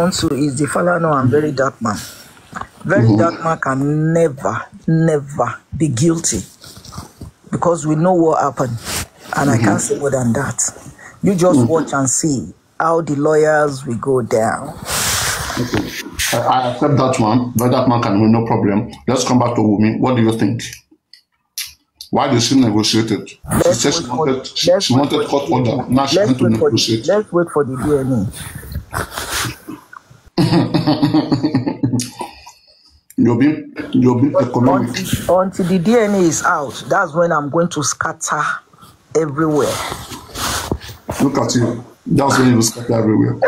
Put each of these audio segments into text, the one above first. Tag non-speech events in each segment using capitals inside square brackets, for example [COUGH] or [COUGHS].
onto is the fellow. Falano I'm very dark man. Very mm-hmm. dark man can never, never be guilty because we know what happened, and mm-hmm. I can't mm-hmm. say more than that. You just mm-hmm. watch and see how the lawyers will go down. Okay. I, accept that one. Very dark man can win, no problem. Let's come back to Wumi. What do you think? Why did she negotiate it? She said she wanted, court order. Now she wants to negotiate. Let's wait for the DNA. You'll be, you'll be economic. Until, until the DNA is out, that's when I'm going to scatter everywhere. Look at you. That's when you scatter everywhere.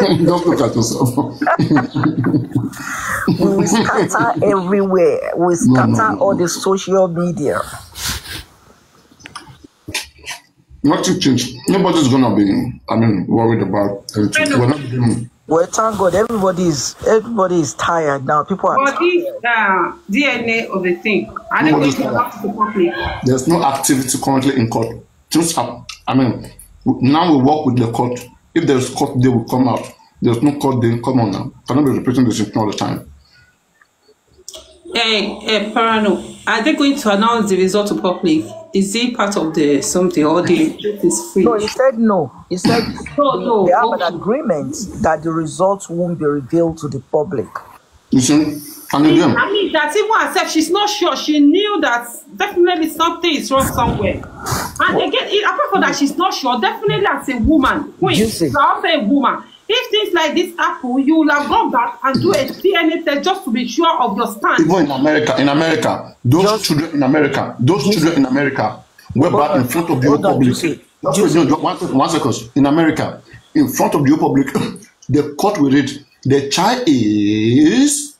Just [LAUGHS] look at yourself. we scatter everywhere. We scatter no, no, no, all the social media. Nothing changed. Nobody's gonna be, I mean, worried about anything. We're not, Well, thank God, everybody is everybody is tired now. People are. But this uh, DNA of the thing, I don't think have to public. There's no activity currently in court. Just happen. Uh, I mean, now we work with the court. If there's court, they will come out. There's no court, they come on now. Cannot be repeating the same all the time. Hey, eh, eh, hey, Parano, are they going to announce the result to public? is he part of the something or the is free? No, he said no. He said no, no, they have okay. an agreement that the results won't be revealed to the public. You see? I mean that even herself, she's not sure. She knew that definitely something is wrong somewhere. And again, apart from that, she's not sure. Definitely as a woman, queen, also a woman, if things like this happen you will have gone back and do a dna test just to be sure of your stand. even in america in america those just, children in america those children in america were back in front of the whole public just wait no one second one second in america in front of the whole public [COUGHS] the court will read the child is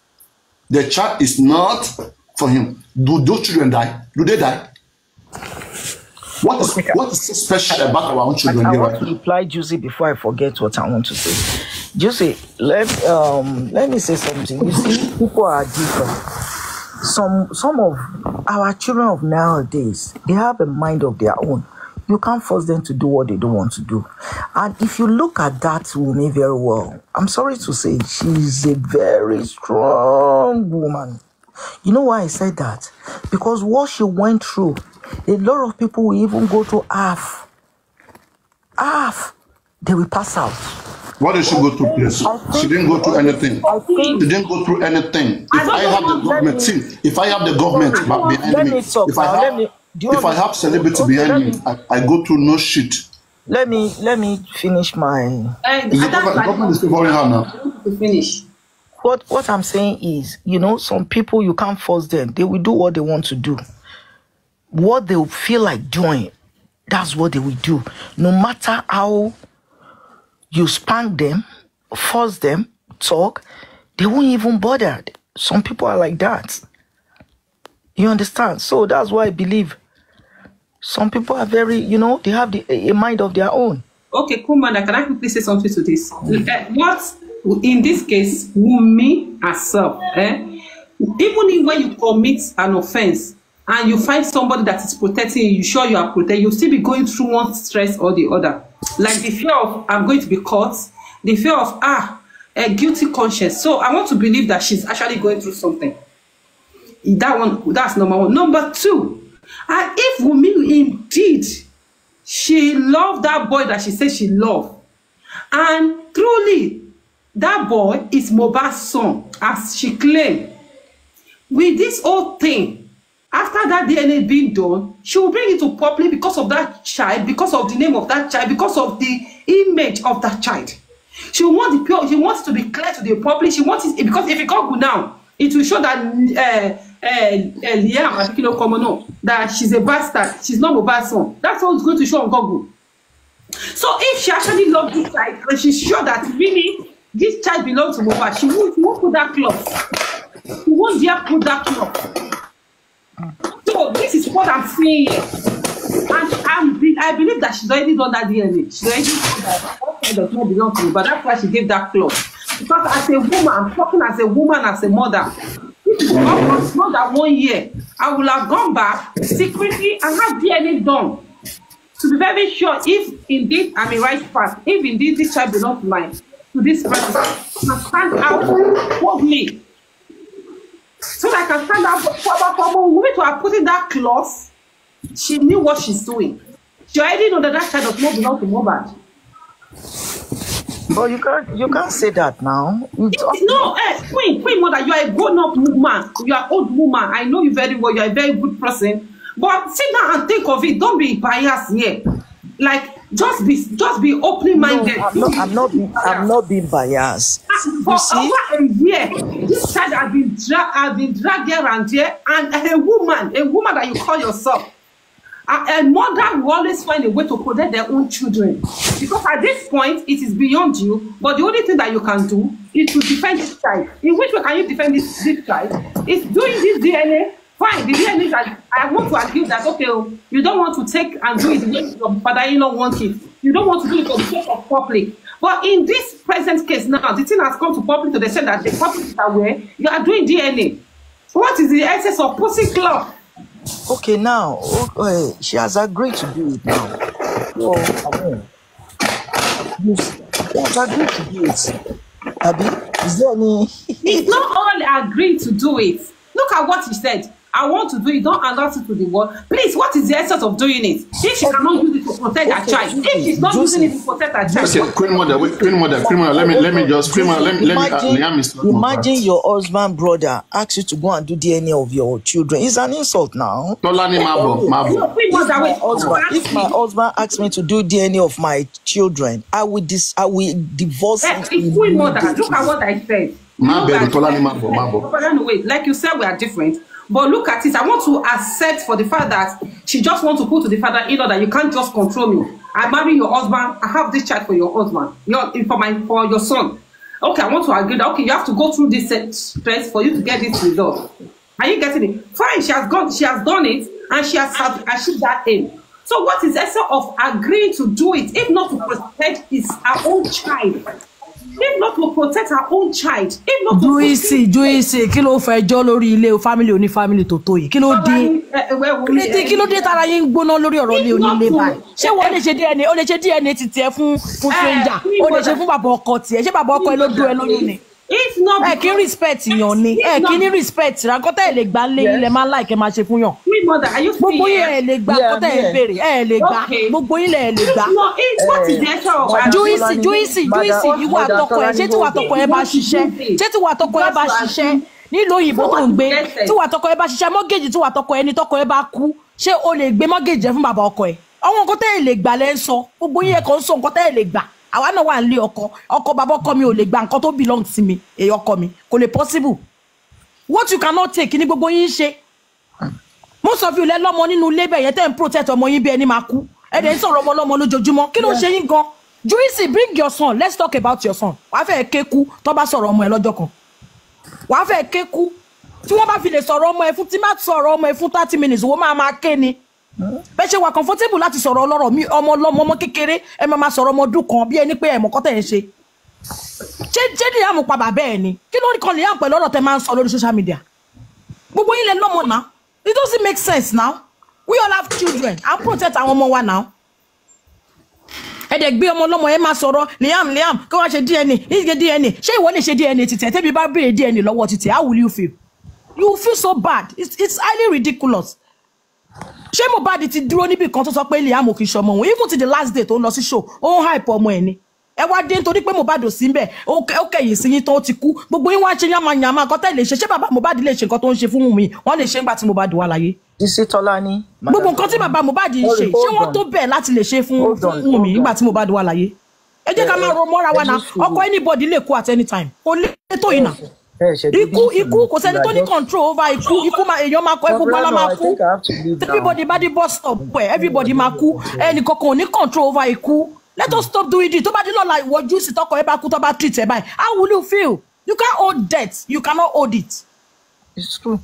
the child is not for him do those children die do they die What is, what is so special about our own children? I, I want to reply, Juicy, before I forget what I want to say. Juicy, let, um, let me say something. You see, people are different. Some, some of our children of nowadays, they have a mind of their own. You can't force them to do what they don't want to do. And if you look at that woman very well, I'm sorry to say, she's a very strong woman. You know why I said that? Because what she went through A lot of people will even go to half. Half, they will pass out. What did she go through, please? She didn't go through anything. She didn't go through anything. If I, I have the government, me, see, if I have the government behind me, talk, if I have, me, if I have celebrity okay, behind me, I, I go through no shit. Let me let me finish my. Uh, the government, the government is favoring her now. finish. What what I'm saying is, you know, some people you can't force them. They will do what they want to do. what they feel like doing, that's what they will do. No matter how you spank them, force them, talk, they won't even bother. Some people are like that. You understand? So that's why I believe some people are very, you know, they have the, a mind of their own. Okay, cool, Can I quickly say something to this? Eh, what, in this case, me herself, eh? even when you commit an offense, and you find somebody that is protecting you, you sure you are protected, you'll still be going through one stress or the other. Like the fear of I'm going to be caught, the fear of ah, a guilty conscience. So I want to believe that she's actually going through something. That one, that's number one. Number two, and if woman indeed she loved that boy that she said she loved, and truly that boy is Mohbad's son, as she claimed. With this whole thing, after that DNA being done, she will bring it to public because of that child, because of the name of that child, because of the image of that child. She wants the pure, she wants to be clear to the public. She wants it because if you Google now, it will show that uh, uh, uh, Liam Akino Komono that she's a bastard, she's not Mohbad's son. That's what's going to show on Google. So if she actually loves this child and she's sure that really this child belongs to Mohbad, she won't, she won't put that cloth. She won't dare put that cloth. So this is what I'm saying And I'm, I believe that she's already done that DNA. She's already done that. That does not belong to me, but that's why she gave that clause. Because as a woman, I'm talking as a woman, as a mother. Almost not that one year, I would have gone back secretly and have DNA done to be very sure if indeed I'm in right path, if indeed this child belongs to mine, to this person, and find out what me so that I can stand up for, for, for a woman to have put in that cloth. She knew what she's doing. She already know that that child does not belong to Mohbad. But you can't you can't say that now. It, no, eh, Queen, Queen Mother, you are a grown-up woman. You are old woman. I know you very well. You are a very good person. But sit down and think of it. Don't be biased here. Like just be just be open minded. No, I'm not, I'm not being I'm not being biased. you see? over a year, this child has been drag has been dragged here and there, and a woman, a woman that you call yourself, a, a mother will always find a way to protect their own children because at this point it is beyond you. But the only thing that you can do is to defend this child. In which way can you defend this, this child? It's doing this DNA Fine. The you any I want to argue that okay, oh, you don't want to take and do it when your father-in-law wants it. You don't want to do it for the sake of public. But in this present case now, the thing has come to public to the extent that the public is aware you are doing DNA. What is the essence of pussy club? Okay, now okay, oh, eh, she has agreed to do it now. So, um, you, she agreed to do it. Abby, is there any? it's not only agreed to do it. Look at what he said. I want to do it. Don't allow it to the world. Please, what is the essence of doing it? If she cannot use it to protect her child, if she's not using it to protect her child. Joseph, Queen Mother, wait, Queen Mother, Queen Mother, let me, let me just, Queen Mother, let me, let let me uh, imagine, imagine your husband brother asks you to go and do DNA of your children. It's an insult now. No, lani Mabo, Mabo. If my husband asks me to do DNA of my children, I will, dis I will divorce eh, him. him. Queen Mother, look at what I said. Má bẹ̀rù Tolani Mabo, Mabo. Like you said, we are different. But look at it. I want to accept for the fact that she just wants to put to the father in order you can't just control me. I marry your husband. I have this child for your husband. Your for my for your son. Okay, I want to agree that okay, you have to go through this stress for you to get this result. Are you getting it? Fine, she has gone, she has done it, and she has had. achieved that aim. So what is the essence of agreeing to do it if not to protect his our own child? if not to protect her own child if not to. juisi juisi kí ló fẹ́ jọ́ lórí ilé family oní family tó tó yìí kí ló dé kí ló dé tara yín gbóná lórí ọ̀rọ̀ ilé onílé báyìí ṣé wọ́n lè ṣe dna ó lè ṣe dna ti tiẹ̀ fún fún stranger ó lè ṣe fún bàbá ọkọ tiẹ̀ ṣé bàbá ọkọ ẹ ló dún ẹ lóyún ni if not because ẹ kí respect yàn ni ẹ kí ní respect ra kọ́tà ẹ̀ lè gbà lé ilẹ̀ máa láìkẹ́ máa ṣe fún yàn gbogbo yín ẹ̀ lè gbà kọ́tà ẹ̀ béèrè ẹ̀ lè gbà gbogbo yín ẹ̀ lè gbà. juisi juisi juisi ìwà àtọkọ ẹ ṣé tíwà àtọkọ ẹ bá ṣiṣẹ́ ṣé tíwà àtọkọ ẹ bá ṣiṣẹ́ nílùú òyìnbó tó ń gbé tíwà àtọkọ ẹ bá ṣiṣẹ́ mọ́gẹ́jì tíwà àtọkọ ẹni tọkọ ẹ bá kú ṣé o lè gbé mọ́gẹ́jì fún bàbá ọkọ ẹ àwọn nǹkan ẹ lè gbà lẹ́ ń sọ gbogbo yín ẹ ń sọ nǹkan ẹ lè gbà àwa náà wà nílé ọkọ ọkọ bàbá ọkọ mi ò lè gba nǹkan tó belong sí mi èyí ọkọ mi kò lè possible what you cannot take ni gbogbo yín ṣe most of you lẹ lọ́mọ nínú labour. bẹ́ẹ̀ yẹn tẹ́ ń protect ọmọ yín bí ẹni máa kú ẹ̀ dẹ̀ ń sọ̀rọ̀ ọmọ ọlọ́mọ lójoojúmọ́ kí ló ṣe yín gan juicy bring your son let's talk about your son wàá fẹ́ kéku tó bá sọ̀rọ̀ ọmọ ẹ lọ́jọ́ kan wàá fẹ́ kéku tí wọ́n bá fi lè sọ̀rọ̀ ọmọ ẹ fún tí má sọ̀rọ̀ ọmọ ẹ fún thirty minutes wọ́n máa máa ké ni bẹ́ẹ̀ ṣe wà comfortable láti sọ̀rọ̀ ọlọ́rọ̀ mi ọmọ ọlọ́mọ ọmọ kékeré ẹ máa sọ̀rọ̀ ọmọ ọdún kan bí ẹni pé ẹ̀mọ́ kọ́tẹ̀ ń ṣe ṣé ṣé ní àmú pa bàbá ẹ̀ ni kí ló ń kọ́ lè yàn pẹ̀lú ọ̀rọ̀ tẹ máa ń sọ lórí social media gbogbo yín lẹ lọ́mọ náà it doesn't make sense now we all have children and protect àwọn ọmọ wa now ẹ dẹ̀ gbé ọmọ ọlọ́mọ ẹ máa sọ̀rọ̀ liam liam kí wọ́n ṣe dna ìṣe dna ṣé ìwọ lè ṣe dna títẹ̀ tẹ́bi bá béèrè dna lọ́wọ́ títẹ̀ how will you feel you feel so bad it's, it's highly ridiculous ṣé Mohbad ti dúró níbì kan tó sọ pé Liam kì í ṣọmọ òun even to the last day tó ń lọ sí show ó ń hype ọmọ ẹ̀ ni ẹ wá dé nítorí pé Mohbad ò sí ń bẹ ó kẹ̀yìn sí yín tán ó ti kú gbogbo yín wá ṣe yamayama nǹkan tẹ́ lè ṣe ṣé bàbá Mohbad lè ṣe nǹkan tó ń ṣe fún mi wọ́n lè ṣe ńgbà tí Mohbad wà láyé. jíṣẹ́ tọ́lá ní. gbogbo nǹkan tí bàbá Mohbad ń ṣe ṣé wọ́n tó bẹ̀ láti lè ṣe fún mi nígbà tí Mohbad wà láyé. ẹ jẹ́ ká máa eh, ro mọ́ra wa eh, náà ọkọ̀ anybody lè kú at any time kò lè tó yìí náà ikú ikú kò sẹ́ni tó ní control over ikú ikú èèyàn máa kú ẹgbẹ́ bọ́lá máa kú everybody bá dé bus stop ẹ̀ eh, everybody máa kú ẹnì kankan ò ní control over ikú let us stop doing it. tó bá dín lọ́la ìwọ́jú sí tọkọ ẹ bá kú tó bá treat ẹ báyìí how will you feel you can't hold death you cannot hold it. it's true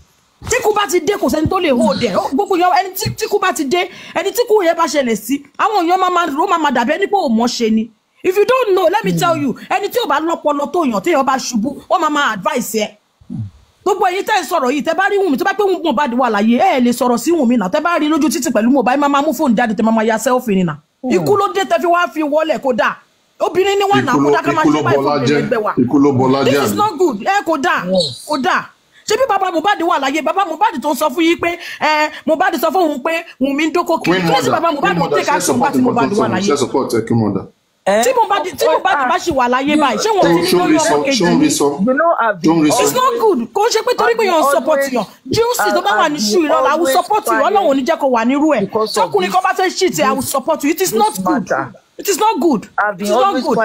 tíkú bá ti dé kò sẹ́ni tó lè hó dẹ̀ gbogbo yọ ẹni tíkú bá ti dé ẹni tíkú yẹn bá ṣẹlẹ̀ sí àwọn èèyàn máa máa dàbí ẹni pé òun mọ̀ ṣe ni if you don't know let me hmm. tell you ẹni tí ò bá lọ́pọlọ tó yàn téèyàn bá ṣubú ó máa máa advice ẹ hmm. gbogbo ẹ̀yin tẹ́ ń sọ̀rọ̀ yìí tẹ́ bá rí Wùnmí tó bá pé Mohbad wà láyé ẹ lè sọ̀rọ̀ sí Wùnmí náà tẹ́ bá rí lójú títì pẹ̀lú Mohbad ẹ máa máa mú fóònù jáde tẹ́ máa máa ya sẹ́ọ̀fì nìyà hmm. ikú ló dé tẹ́ fi wá fi wọlé kó dáa obìnrin ni wọn náà kó dáa ká máa ṣe báyìí fún obìnrin ẹgbẹ́ this is not good ẹ kò dáa kò dáa ṣé bí bàbá Mohbad wà láyé bàbá Mohbad tó ń sọ fún yín pé ẹ Mohbad sọ fún òun pé Wùnmí ń dókòkì kí ẹ sì bàbá Mohbad mọ̀ pé ká ṣùgbọ́n bàbá Mohbad wà láyé. Eh? tí mo bá di tí mo bá di bá ṣì wà láyé báyìí ṣé wọn ti ní lórí ọmọ kejì mi it's not good kò ń ṣe pé torí pé yàn support yàn juicy tó bá wà ní ṣù ìrọ̀lá i will support you ọlọ́run ò ní jẹ́ kó wà nírú ẹ̀ tọkùnrin kan bá fẹ́ ṣì tí i will support you it is not good it is not good it is not good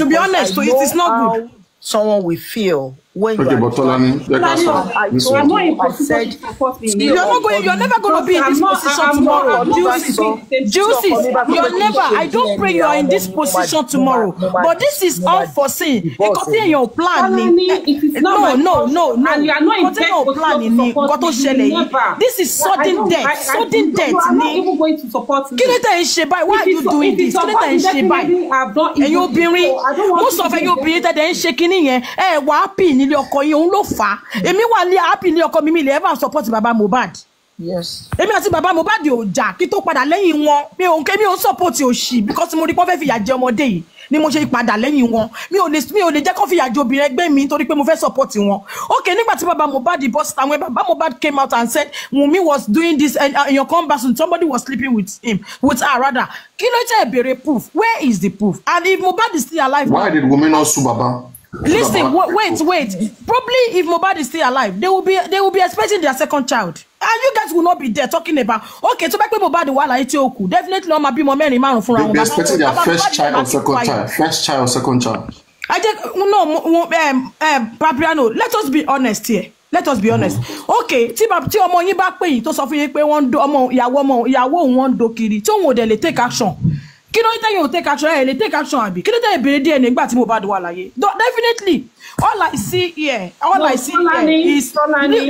to be honest it is not good. someone will feel when okay, you are. Okay, but Tolani, I said you're not going. You're never going to be in this position tomorrow. Juices, juices. You're never. I don't pray you are in this position tomorrow. But this is unforeseen. Because in your planning. no, no, no, no. And you are not in your planning. in nǹkan This is sudden death. Sudden death ni. Kí ló tẹ̀ ń ṣe báyìí? Why are you doing this? Kí ló tẹ̀ ń ṣe báyìí? Ẹ̀yin obìnrin, Most of fún ẹ̀yin obìnrin tẹ̀ ń ṣe kinní yẹn. Ẹ wàá ilé ọkọ yín òun ló fà á hmm. èmi wà ní happy ilé ọkọ mi mi lè ever support baba Mohbad èmi àti baba Mohbad ò jà kí tó padà lẹ́yìn wọn mi ò ń ké mi ò ń support òṣì because mo rí pé wọ́n fẹ́ fìyà jẹ ọmọdé yìí ni mo ṣe padà lẹ́yìn wọn mi ò lè mi ò lè jẹ́ kó fìyà jẹ obìnrin ẹgbẹ́ mi nítorí pé mo fẹ́ support wọn ok nígbà tí baba Mohbad bọ́ síta wọn baba Mohbad came out and said Wunmi was doing this and uh, in your comparison somebody was sleeping with him with her rather kí ló jẹ́ ìbéèrè proof where is the proof and if Mohbad is still alive. why did Wunmi not sue baba. Listen, wait, wait, wait. Probably if Mobad is still alive, they will be they will be expecting their second child. And you guys will not be there talking about okay, so back pé Mohbad wà láyé tí ó kù, definitely ọmọ bímọ mẹ́rin márùn fúnra wọn. They be expecting their first child or second child, first child or second child. I just no, um, um, Papiano, let us be honest here let us be honest mm-hmm. okay tí bàbá tí ọmọ yín bá pè yín tó sọ fún yín pé wọ́n ń do ọmọ ìyàwó ọmọ ìyàwó òun wọ́n do kiri tí òun ò dẹ̀ take action kí ló ní tẹ́yìn ò take action ẹ̀ lè take action àbí kí ló tẹ́yìn béèrè díẹ̀ nígbà tí Mohbad wà láyé definitely all I see here all I see here is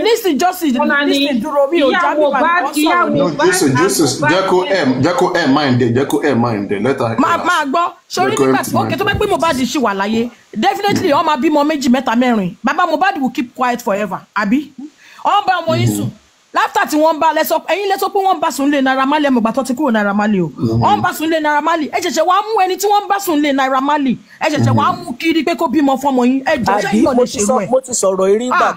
listen justice listen dúró mi ò jábí màá sọ̀rọ̀ ní. justice justice jẹ́kó ẹ̀ jẹ́kó ẹ̀ máa ń dẹ̀ jẹ́kó ẹ̀ máa ń dẹ̀ lẹ́tà. máa gbọ́ sórí nígbà tí okay tó bá pé Mohbad ṣì wà láyé definitely ọmọ bímọ méjì mẹ́ta mẹ́rin bàbá Mohbad will keep quiet forever àbí ọmọ bá ọmọ yín sùn. Mm-hmm láfítà tí wọ́n bá lẹ́sọ ẹ̀yin lẹ́sọ pé wọ́n bá sùn Naira Marley ẹ̀mọ̀gbà tó ti kúrò Naira Marley o mm-hmm. wọ́n bá sùn Naira Marley ẹ̀ ṣẹ̀ṣẹ̀ wàá mú ẹni tí wọ́n bá sùn Naira Marley ẹ̀ ṣẹ̀ṣẹ̀ wàá mm-hmm. mú kiri pé kó bímọ fọmọ yín ẹ̀ jọ ṣé ṣe wẹ̀. àbí mo ti sọ̀rọ̀ eré ah,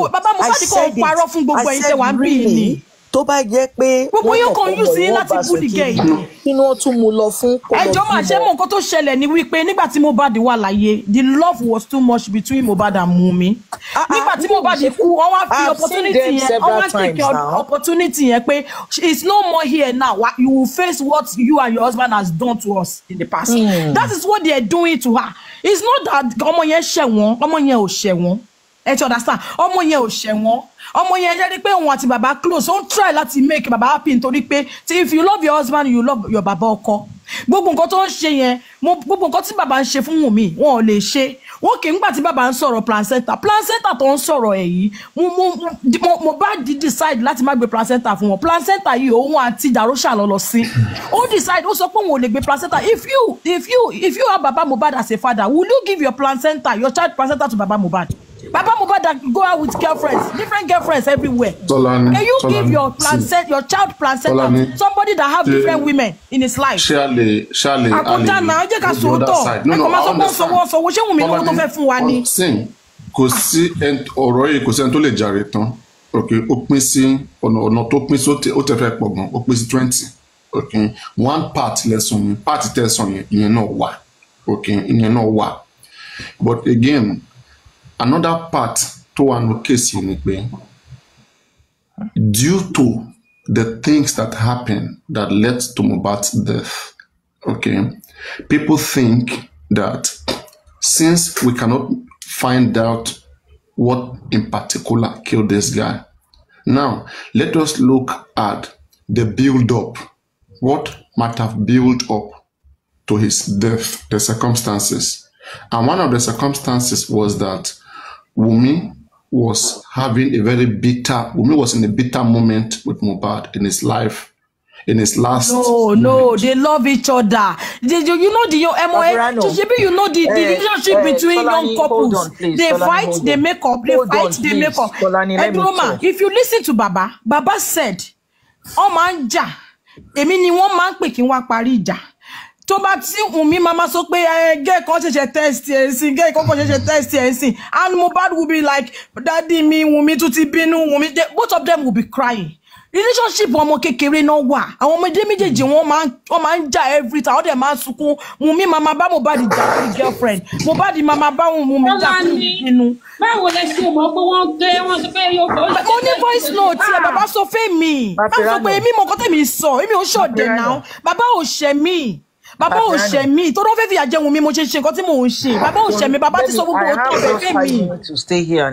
ìgbà kan I said it I said it really tó bá jẹ́ pé wọ́n kọ̀ ọ̀rọ̀ yìí wọ́n bá sùn kí kí ni wọ́n tún mu lọ fún kó máa ṣe mọ̀ nǹkan tó ṣẹlẹ̀ ni wípé nígbà tí Mohbad wà láyé the love was too much between Mohbad and Wunmi. Ah, ah, nígbà tí Mohbad kú wọ́n wá fi opportunity yẹn wọ́n wá take opportunity yẹn pé it's no more here now you will face what you and your husband has done to us in the past. Mm. that is what they are doing to her it's not that ọmọ yẹn ṣẹ̀wọ̀n ọmọ yẹn ò ṣẹ̀wọ̀n ẹ ti understand ọmọ yẹn ò ṣẹ̀wọ̀n ọmọ yẹn jẹ́ pé òun àti bàbá close ó ń try láti make Baba happy nítorí pé if you love your husband you love your Baba. ọkọ gbogbo nǹkan tó ń ṣe yẹn gbogbo nǹkan tí bàbá ń ṣe fún Wùnmí wọn ò lè ṣe wọn kì í gbà tí bàbá ń sọ̀rọ̀ placenta placenta tó ń sọ̀rọ̀ ẹ̀ yìí mo bá di decide láti má gbé placenta fún wọn placenta yìí òun àti Darosha lọ lọ sí ó decide ó sọ pé òun ò lè gbé placenta if you if you if you are baba Mohbad as a father will you give your placenta your child placenta to baba Mohbad. Papa Mohbad go out with girlfriends, different girlfriends everywhere. Solani, Can you Solani, give your placenta, si. your child placenta, Solani, somebody that have different women in his life? Shirley, Shirley, Akuta na ọjọ́ ka side, No, no, I understand. Sọwọ́ sọwọ́ ṣé Wunmi lówó tó fẹ́ fún wa ni? Sin, kò sí ọ̀rọ̀ yìí kò sẹ́ni tó lè jàre tán. Ok, ó pín sí ọ̀nà ọ̀nà tó pín sí ó tẹ fẹ́ pọ̀ gan, twenty. Ok, one part lẹ́sùn yẹn, part tẹ̀sán yẹn, ìyẹn náà wà. Ok, ìyẹn náà wà. But again, another part tó an nù due to the things that happened that led to Mubats death okay people think that since we cannot find out what in particular killed this guy now let us look at the build up what might have built up to his death the circumstances and one of the circumstances was that Wumi was having a very bitter, Wumi was in a bitter moment with Mubad in his life in his last. No, moment. no, they love each other. They, you, you know the your MOA, maybe you know the, the eh, relationship eh, between Solani, young couples. On, please, they Solani, fight, they make up. They hold fight, on, they make up. Solani, and Roma, if you listen to Baba, Baba said, "Ọmọ manja, jà, èmi ni wọ́n máa ń pè kí tó bá tí Wùnmí máa máa sọ pé eh, gay kan ṣẹ̀ṣẹ̀ test ẹ̀ sìn gay kan kan ṣẹ̀ṣẹ̀ test ẹ̀ sìn and Mohbad will be like dadi mi Wùnmí tún ti bínú Wùnmí both of them will be crying relationship ọmọ kékeré náà wà àwọn ọmọdé méjèèjì wọn máa ń jà every time wọn dẹ̀ máa ń sunkún Wùnmí màmá bá Mohbad jà fún girlfriend Mohbad màmá bá Wùnmí jà fún ìpinnu. báwo lẹ ṣe mọ̀ pé wọ́n gbé wọ́n sọ pé yóò fọ. ó ní voice ah. note ẹ bàbá sọ fẹ́ mi bá sọ pé èmi mọ̀ kọ́tẹ́ mi sọ èmi ò ṣọ̀dẹ̀ náà bàbá ò ṣẹ̀ mí bàbá ò ṣe mí tó ló fẹ́ fi àjẹun mi mo ṣe ṣe nǹkan tí mò ń ṣe bàbá ò ṣe mí bàbá ti sọ gbogbo òótọ́ bẹ̀fẹ̀ mi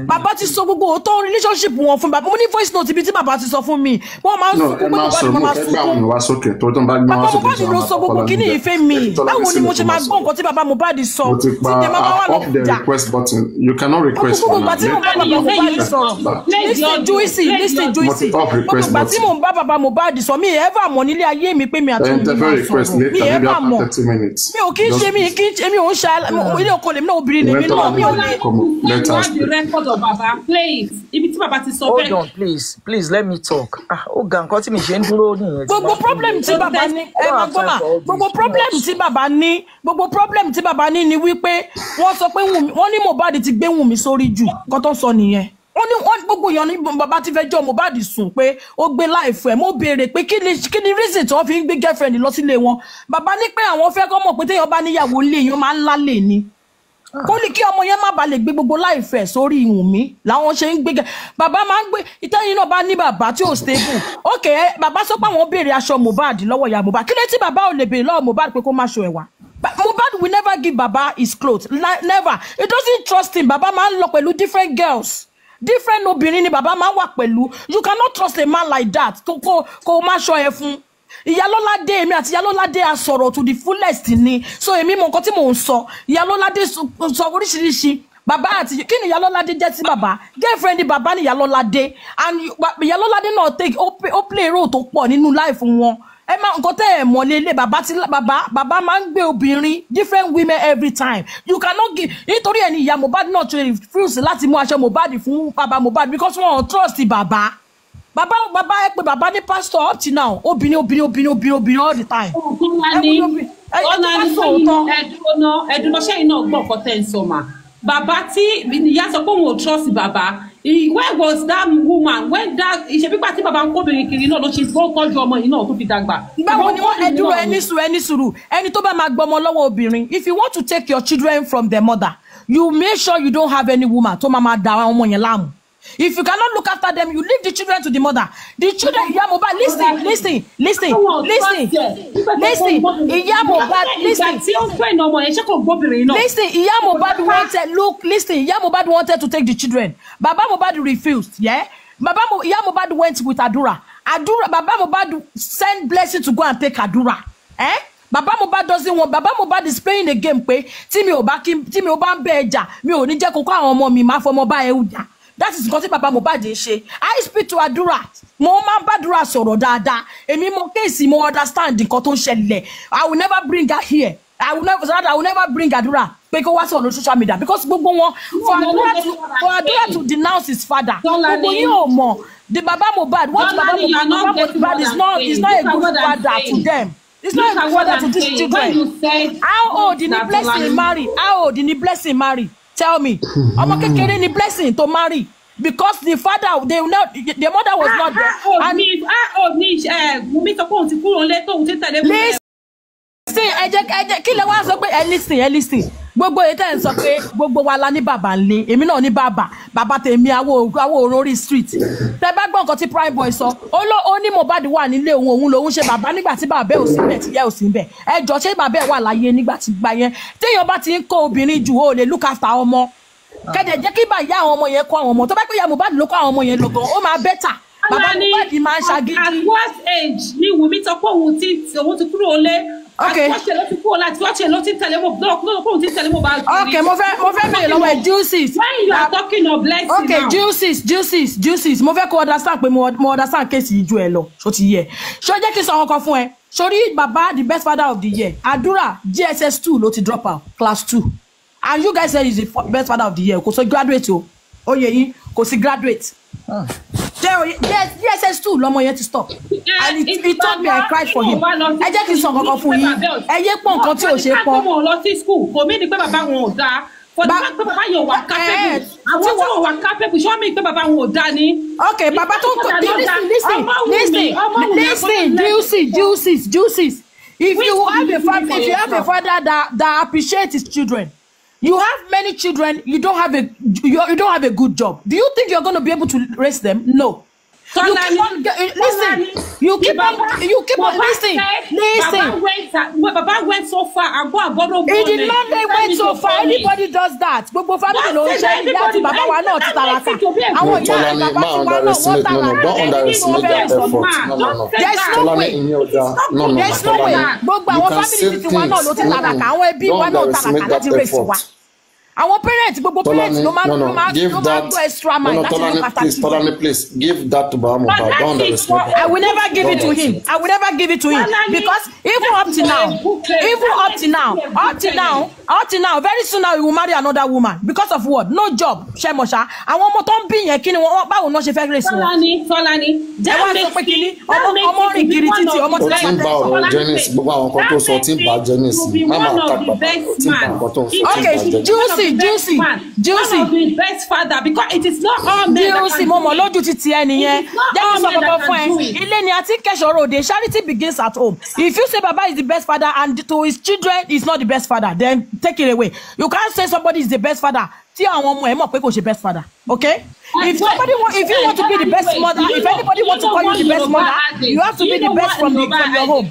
bàbá ti sọ gbogbo òótọ́ relationship wọn fún mi bàbá mo ní voice note ibi tí bàbá ti sọ fún mi wọ́n máa ń sunkún pé bàbá mi máa sunkún bàbá Mohbad ló sọ gbogbo kíní ìfẹ́ mi báwo ni mo ṣe máa gbọ́ nǹkan tí bàbá Mohbad sọ tí jẹ́ máa wà lọ jà gbogbo gbà tí mo bá bàbá Mohbad sọ listen juicy listen juicy gbogbo gbà tí mo bá bàbá Mohbad sọ mi ẹ̀ fà mọ̀ nílé ayé mi pé mi àti mi máa sọ̀rọ̀ mi ẹ̀ fà mọ̀ mọ̀ mi ò kí ń ṣe mi kí ń ṣe mi ò ń ṣe ilé ọkọ lèmi náà obìnrin lèmi náà mi ò ní. let us play ibi tí bàbá ti sọ bẹ́ẹ̀. hold on please please let me talk ah ó ga nǹkan tí mi ṣe ń dúró nìyẹn. gbogbo problem tí bàbá ní ẹ máa gbọ́ mà gbogbo problem tí bàbá ní gbogbo problem tí bàbá ní ni wípé wọ́n sọ pé wọ́n ní Mohbad ti gbé Wùnmí sórí jù kó sọ nìyẹn ó ní wọ́n gbogbo èèyàn ní bàbá ti fẹ́ jọ Mohbad sùn pé ó gbé láìfọ ẹ mo béèrè pé kí ni kí ni reason tí wọ́n fi ń gbé girlfriend lọ sílé wọn bàbá ní pé àwọn fẹ́ kọ́ mọ̀ pé téèyàn bá níyàwó lé èèyàn máa ń lálé ni kó ní kí ọmọ yẹn má bàa lè gbé gbogbo láìfẹ sórí ìwùn mi làwọn ṣe ń gbé bàbá máa ń gbé ìtẹ́yìn náà bá ní bàbá tí ò stable ok bàbá sọ pé àwọn béèrè aṣọ Mohbad lọ́wọ́ ìyá Mohbad kí lè tí bàbá ò lè béèrè lọ́wọ́ Mohbad pé kó má ṣo ẹ̀wà Mohbad will never give Baba his clothes never he doesn't trust him Baba máa ń lọ pẹ̀lú different girls different no, obìnrin ni Baba. máa wà pẹ̀lú you cannot trust a man like that kó kó kó o má ṣọ ẹ fún ìyálọ́ládé ati. àti ìyálọ́ládé a sọ̀rọ̀ to the fullest ni so èmi mọ nǹkan tí mò so sọ ìyálọ́ládé sọ oríṣiríṣi bàbá àti kí ni ìyálọ́ládé Baba. sí bàbá girlfriend bàbá ni ìyálọ́ládé and ìyálọ́ládé no take ó play role tó pọ̀ nínú life wọn ẹ máa nǹkan tẹ́ ẹ̀ mọ̀ lélẹ̀ bàbá tí bàbá bàbá máa ń gbé obìnrin different women every time you cannot give nítorí ẹni ìyá Mohbad náà ṣe refuse láti mú aṣọ Mohbad fún bàbá Mohbad because wọn ò trust bàbá bàbá bàbá ẹ pé bàbá ní pastor up till now obìnrin obìnrin obìnrin obìnrin obìnrin all the time. ọ̀nà ni ẹ̀dùnà ẹ̀dùnà ṣẹ́yìn náà gbọ́ ọ̀kọ́ tẹ́ ń sọ mà bàbá tí ìyá sọ pé òun ò trust bàbá where was that woman when that ìṣèpípa tí bàbá ń kóbìnrin kiri náà ló ṣe tó tọ́jú ọmọ yìí náà tó fi dàgbà. báwo ni wọn ẹ dúró ẹni sùúrù ẹni sùúrù ẹni tó bá máa gbọmọ lọ́wọ́ obìnrin if you want to take your children from their mother you make sure you don't have any woman tó máa máa da ọmọ yẹn láàmú. If you cannot look after them, you leave the children to the mother. The children, Ìyá Mohbad, listen, listen, listen, listen, listen, Ìyá Mohbad, listen. Listen, Ìyá Mohbad wanted, look, listen, Ìyá Mohbad wanted to take the children. Baba Mohbad refused, yeah? Baba Mo, Ìyá went with Adura. Adura, Baba Mohbad sent blessing to go and take Adura. Eh? Baba Mohbad doesn't want Baba Mohbad is playing the game pé tí mi ò bá kí tí mi ò bá ń bẹ ẹjà mi ò ní jẹ́ that is nǹkan tí bàbá Mohbad ń ṣe i speak to àdúrà mo máa ń bàdúrà sọ̀rọ̀ dáadáa èmi mo kéèsì mo understand nǹkan tó ń ṣẹlẹ̀ i will never bring her here i will never rather i will never bring Adura pé kó wá sí ọ̀nà social media because gbogbo wọn for Adura to for Adura to denounce his father gbogbo yín ò mọ̀ the baba Mohbad what baba Mohbad baba Mohbad is not is not a good father to them. It's not a good father to these children. How old did he blessing marry? How old did he blessing marry? tell me ọmọ hmm. kékeré ni blessing to marry because the father they not the mother was ah, not there. a ah, ní a ò ní Wùmí sọ pé òun ti kúrò nílé tóun ti tẹ̀lé. lis ten ẹ jẹ́ ẹ jẹ́ kí lè wá sọ pé ẹ lis ten ẹ lis ten gbogbo yìí tẹ̀ ń sọ pé gbogbo wa la ní bàbá ńlẹ̀ èmi náà ní bàbá bàbá tèmi awo orori street tẹ bá gbọ́ nǹkan tí prime boy sọ ó ló ó ní Mohbad wà nílé òun òun lòun ṣe bàbá nígbà tí bàbá ò sí bẹ̀ tíyẹ́ ò sí bẹ̀ ẹ jọ ṣé bàbá ẹ wà láyé nígbà tí gbà yẹn téèyàn bá ti ń kó obìnrin jù ó lè look ọmọ kẹ́dẹ̀ jẹ́ kí bá ìyá àwọn ọmọ yẹn kọ́ àwọn ọmọ tó bá pé ìyá Mohbad ló kọ́ àwọn ọmọ yẹn lọ gan ó máa bẹ́tà bàbá Mohbad at what age ni Wunmi sọ pé òun ti kúrò lé okay àti mo block mo bá kiri. okay mo fẹ́ mo fẹ́ bèrè juices. when you are ah, talking of blessing now. okay juices juices juices mo fẹ́ kó understand pé mo understand kéèsì yìí ju ẹ lọ ṣó ti yẹ ṣó jẹ́ kí n sọ ọkọ̀ fún ẹ sórí baba the best father of the year Adura, GSS two ló ti drop out class two and you guys say he's the best father of the year kò sọ graduate o. Oh oyè yín kò sí graduate jẹ ah. dss two lọmọ yẹn ti stop and he told me i cried for him ẹ jẹ́ kí n sọ kankan fún yín ẹ yé pọ̀ nǹkan tí ò ṣe pọ̀. ọmọ lọ sí school kò mí ni pé bàbá wọn ò dáa fọdùmá pé bàbá yóò wà kápẹ́bù eh, eh, àwọn tí wọn wà kápẹ́bù ṣọ́ mi pé bàbá wọn ò dáa ni. ok bàbá tó ń kọ listen listen listen juices juices juices if you have a father if you have a father that that appreciate his children. You have many children. You don't have a you, you don't have a good job. Do you think you're going to be able to raise them? No. Tolani, you keep on, listen, you keep on, you keep on, listen, listen. Baba went, Baba went so far, Agbo Agbodo Bone. He did not they went so far, anybody does that. Gbogbo family ló ń ṣe ìyá ti bàbá wa náà ti tàràtà. Àwọn ìyá àti bàbá ti wa náà wọ́n tàràtà. Don't underestimate that effort. No, no, no. There's no way. No, no, There's no way. Gbogbo àwọn family ti wa náà ló ti tàràtà. Àwọn ẹbí wa náà tàràtà láti rèsì wa àwọn parents gbogbo parents ló máa ló máa give that gbọ́ extra mile láti ní pàtàkì. please give that to bahama no, i don't understand. i will never give it to him i will never give it to him because even up to now even up to now up to now until now very soon now you will marry another woman because of what no job ṣẹmọṣà àwọn ọmọ tó ń bí yẹn kí ni wọn báwo náà ṣe fẹ́ rèé sí wọn. Tọ́lání Tọ́lání that makes me that makes me be one of the best man that makes me be one of the best man okay juicy juicy juicy one of the best father because it is not all men that can do it juicy mo mọ lójú ti tiẹ̀ nìyẹn jẹ́kí sọ kankan fún ẹ ilé ni àti kẹsàn-án òde charity begins at home if you say baba is the best father and to his children he is not the best father then take it away you can't say somebody is the best father tí àwọn ọmọ ẹ mọ̀ pé kò ṣe best father okay if somebody want if you want to be the best mother if anybody want to call you the best mother you have to be the best from from your home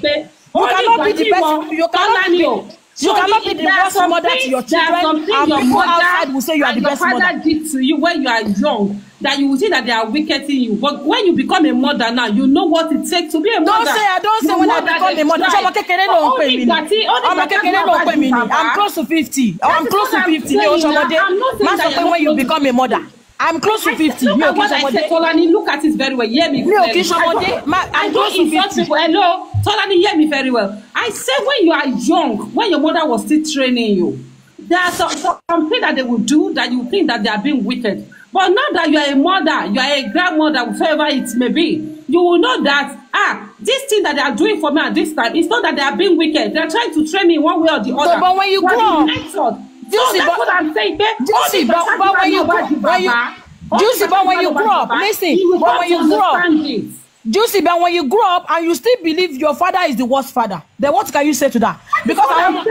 you cannot be the best you cannot be. So you cannot be the best mother to your children and people outside will say you are the best mother. your father did to you when you are young that you will see that they are wicked in you but when you become a mother now you know what it takes to be a mother. don't say i don't say when i become a mother ṣé ọmọ kékeré ló ń pè mí ni ọmọ kékeré ló ń pè i'm close to fifty i'm close to fifty ní oṣù ọmọdé má when you become a mother. I'm close to fifty. Look at what I said, Tolani. Look at it very well. Hear me. Mi ò kì í ṣọmọdé. I Hello, Tolani, hear me very well. I said when you are young, when your mother was still training you, there are some, something that they will do that you think that they are being wicked. But now that you are a mother, you are a grandmother, whoever it may be, you will know that ah, this thing that they are doing for me at this time, it's not that they are being wicked. They are trying to train me one way or the other. So, but when you grow up, Juicy, no, that's but, what I'm saying. Babe. Juicy, Only but, but when you when you Juicy, but when you grow up, listen. But when you grow up, Juicy, but when you grow up and you still believe your father is the worst father, then what can you say to that? Because I'm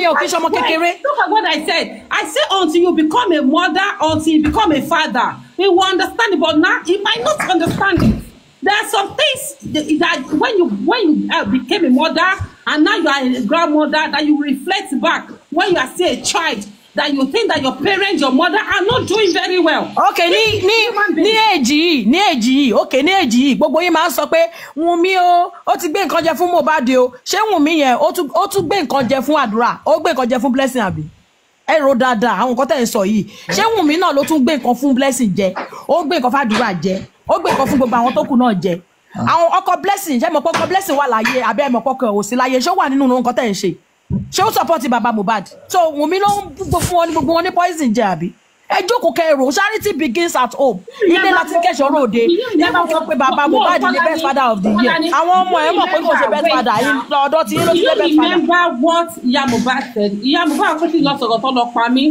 your kitchen, Look at what I said. I said until you become a mother, until you become a father, you will understand it. But now you might not understand it. There are some things that when you when you uh, became a mother and now you are a grandmother that you reflect back when you are still a child that you think that your parents your mother are not doing very well. okay ní ní ní èjì yìí ní èjì yìí okay ní èjì yìí gbogbo yín máa ń sọ pé Wùnmí o ó ti gbé nǹkan jẹ fun Mohbad o ṣé Wùnmí yẹn ó tún gbé nǹkan jẹ fún àdúrà ó gbé nǹkan jẹ fún blessing abi. ẹ ro dáadáa àwọn nǹkan tẹ̀ ń sọ yìí ṣé Wùnmí náà ló tún gbé nǹkan fún blessing jẹ ó gbé nǹkan fún àdúrà jẹ ó gbé kan fún gbogbo àwọn tó kù náà jẹ àwọn ọkọ blessing ṣé mo pọkọ blessing wà láyé abẹ́ ẹ̀ pọkọ ò sí láyé ṣé ó wà nínú nǹkan tẹ̀ ń ṣe ṣé ó support baba Mohbad so Wùnmí ló ń fún wọn ní gbogbo wọn ní poison jẹ àbí ẹ jókòó kẹrò charity begins at home ilé láti kẹsàn ròde ẹ máa sọ pé baba Mohbad ni best father of the year àwọn ọmọ ẹ mọ̀ pé kò ṣe best father yìí lọ́dọ̀ tí yín ló ti jẹ́ best father. you remember what Iya Mohbad said Iya Mohbad kò sí lọ sọ̀rọ̀ tó lọ pa mí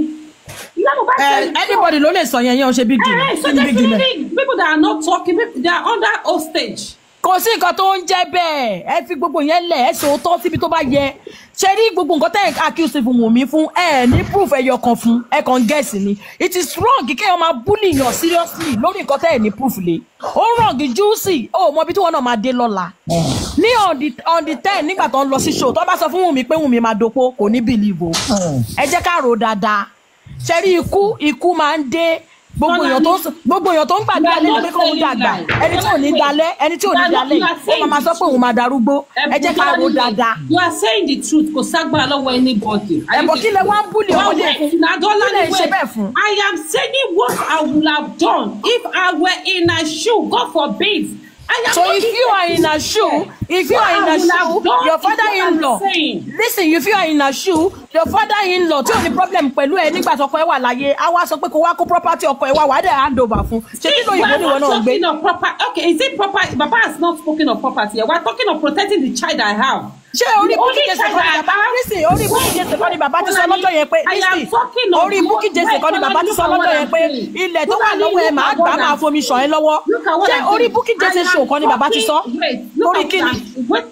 Uh, anybody ló lè sọ yẹn yẹn o ṣe big deal. ẹ eh, ẹ eh, so just leaving people that are not talking they are under hostage. kò sí nǹkan tó ń jẹ́ bẹ́ẹ̀ ẹ fi gbogbo yẹn lẹ̀ ẹ sòótọ́ síbi tó bá yẹ ṣe rí gbogbo nǹkan tẹ́ ẹ̀ accuse Wunmi fún ẹ ní proof ẹyọ kan fún ẹ kàn gẹ̀ẹ́sì ni it is wrong kí ẹ máa bully yàn seriously lórí nǹkan tẹ́ ẹ̀ ní proof lé ó wrong juicy ó mọ ibi tí wọn náà máa dé lọ́la ní on the on the ten nígbà tó ń lọ sí show tó bá sọ fún Wunmi pé Wunmi máa dopó kò ní believe o hmm. ẹ jẹ́ ká rò dáadáa ṣẹ́rí ikú ikú máa ń dé gbogbo èèyàn tó gbogbo èèyàn tó ń gbàgbé alẹ́ ló pé kó ń dàgbà ẹni tí ò ní dalẹ̀ ẹni tí ò ní dalẹ̀ ó máa ma sọ pé òun máa darúgbó ẹ jẹ́ ká ro dáadáa. you are saying the truth kò ságbára lọ́wọ́ anybody. ẹ̀bọ̀ kí lẹ wá ń búlẹ̀ ọmọdé fún kí lẹ ń ṣe bẹ́ẹ̀ fún. I am saying what I would have done if I were in a shoe God forbid So if you are in a shoe, if you are in a shoe, your father-in-law, listen, if you are in a shoe, your father-in-law tí o ní problem pẹ̀lú ẹ nígbà tí ọkọ ẹ wà láyé, á wá sọ pé kó wá kó property ọkọ ẹ wá wà á dẹ̀ hand over fún. Ṣé kí lóyìnbó ni wọn náà gbé? Okay, is it proper? Baba has not spoken of property. We are talking of protecting the child I have ṣé orí Bukky Jesse kọ́ ni bàbá nísìn orí Bukky Jesse kọ́ ni bàbá ti sọ lọ́jọ́ yẹn pé orí Bukky Jesse kọ́ ni bàbá ti sọ lọ́jọ́ yẹn pé ilẹ̀ tó wà lọ́wọ́ ẹ̀ máa gbà máa fomi ṣàn ẹ́ lọ́wọ́ ṣé orí Bukky Jesse show kọ́ ni bàbá ti sọ orí kíni.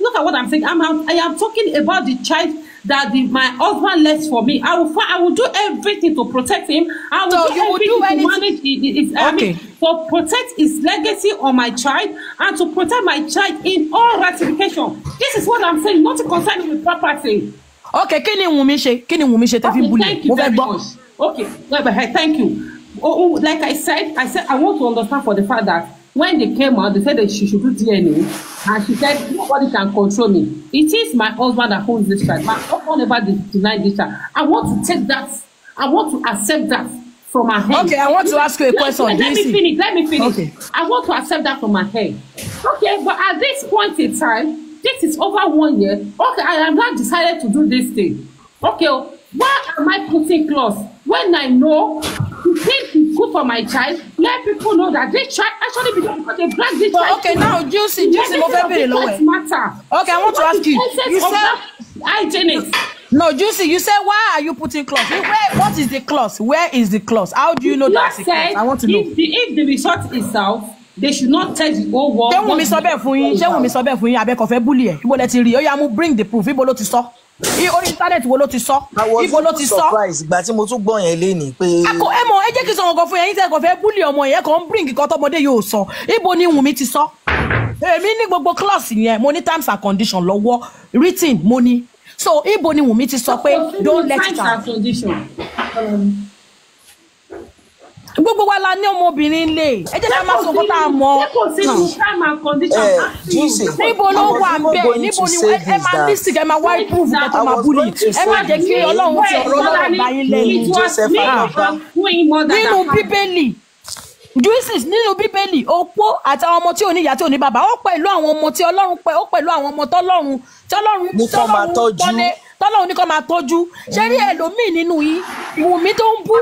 Look at what I'm saying. I'm, I am talking about the child that the, my husband left for me. I will I will do everything to protect him. I will so do everything will do to manage his, his, okay. I mean, to protect his legacy on my child and to protect my child in all ratification. This is what I'm saying, nothing concerning with property. Okay, can you Wunmi Can you ni Wunmi ṣe tẹ́ fi bulẹ̀? Okay, thank you. Oh, oh, like I said, I said I want to understand for the fact that when they came out, they said that she should do DNA. And she said, nobody can control me. It is my husband that owns this child. My husband never denied this child. I want to take that. I want to accept that from my head. Okay, I want to ask you a question. Let, let me finish. Let me finish. Okay. I want to accept that from my head. Okay, but at this point in time, this is over one year. Okay, I have not decided to do this thing. Okay, why am I putting clause when I know the things is good for my child let people know that this child actually because they black this child. okay now juicy juicy mo fẹ́ béèrre okay so i want to ask you you say hygienist. No, Juicy, you say why are you putting cloth? Where, what is the cloth? Where is the cloth? How do you know that's the cloth? I want to know. If the, if the resort itself they should not tell the whole world. ṣé wùn mi sọ bẹ́ẹ̀ fún yín ṣé You mi sọ bẹ́ẹ̀ fún yín abẹ́kọ̀fẹ́ búlì ẹ̀ ibo lẹ ti rí ó yá mú bring the proof ibo will ti sọ. So orí íńtánẹ́ẹ̀tì wo ló ti sọ ibo ló ti sọ. i was surprised ìgbà tí mo tún gbọ́ yẹn lénìí pé. àkọ ẹ mọ ẹ jẹ́ kí n sọ nǹkan fún yẹn yín tẹ́ kò fẹ́ búlì ọmọ yẹn kàn ń bring nǹkan tọmọdé yóò sọ ibo ni Wùnmí ti sọ. èmi ní gbogbo kílọ̀sì yẹn mo ní times and condition lọ́wọ́ written mo ní so ibo ni Wùnmí ti sọ pé don't let it happen gbogbo wa la ní ọmọbìnrin lè ẹ jẹ́ ká má sọ kọ́tà mọ́ eh, níbo ló wà bẹ́ẹ̀ níbo ni ẹ máa ní sìgá ẹ máa wá ìpúrúfù kẹta máa búlì ẹ má jẹ́ kí ọlọ́run ti ọ̀rọ̀ ọlọ́run bá yín lẹ́yìn ah. nínú bíbélì juices nínú bíbélì opó àtàwọn ọmọ tí ò ní ìyá tí ò ní bàbá ó pẹ̀lú àwọn ọmọ tí ọlọ́run pẹ̀ ó pẹ̀lú àwọn ọmọ tọ́lọ́run tọ́lọ́run tọ́lọ́run tọ́lọ́run ní kó máa tọ́jú ṣé rí ẹlòmíì nínú yín wùmí tó ń bú ó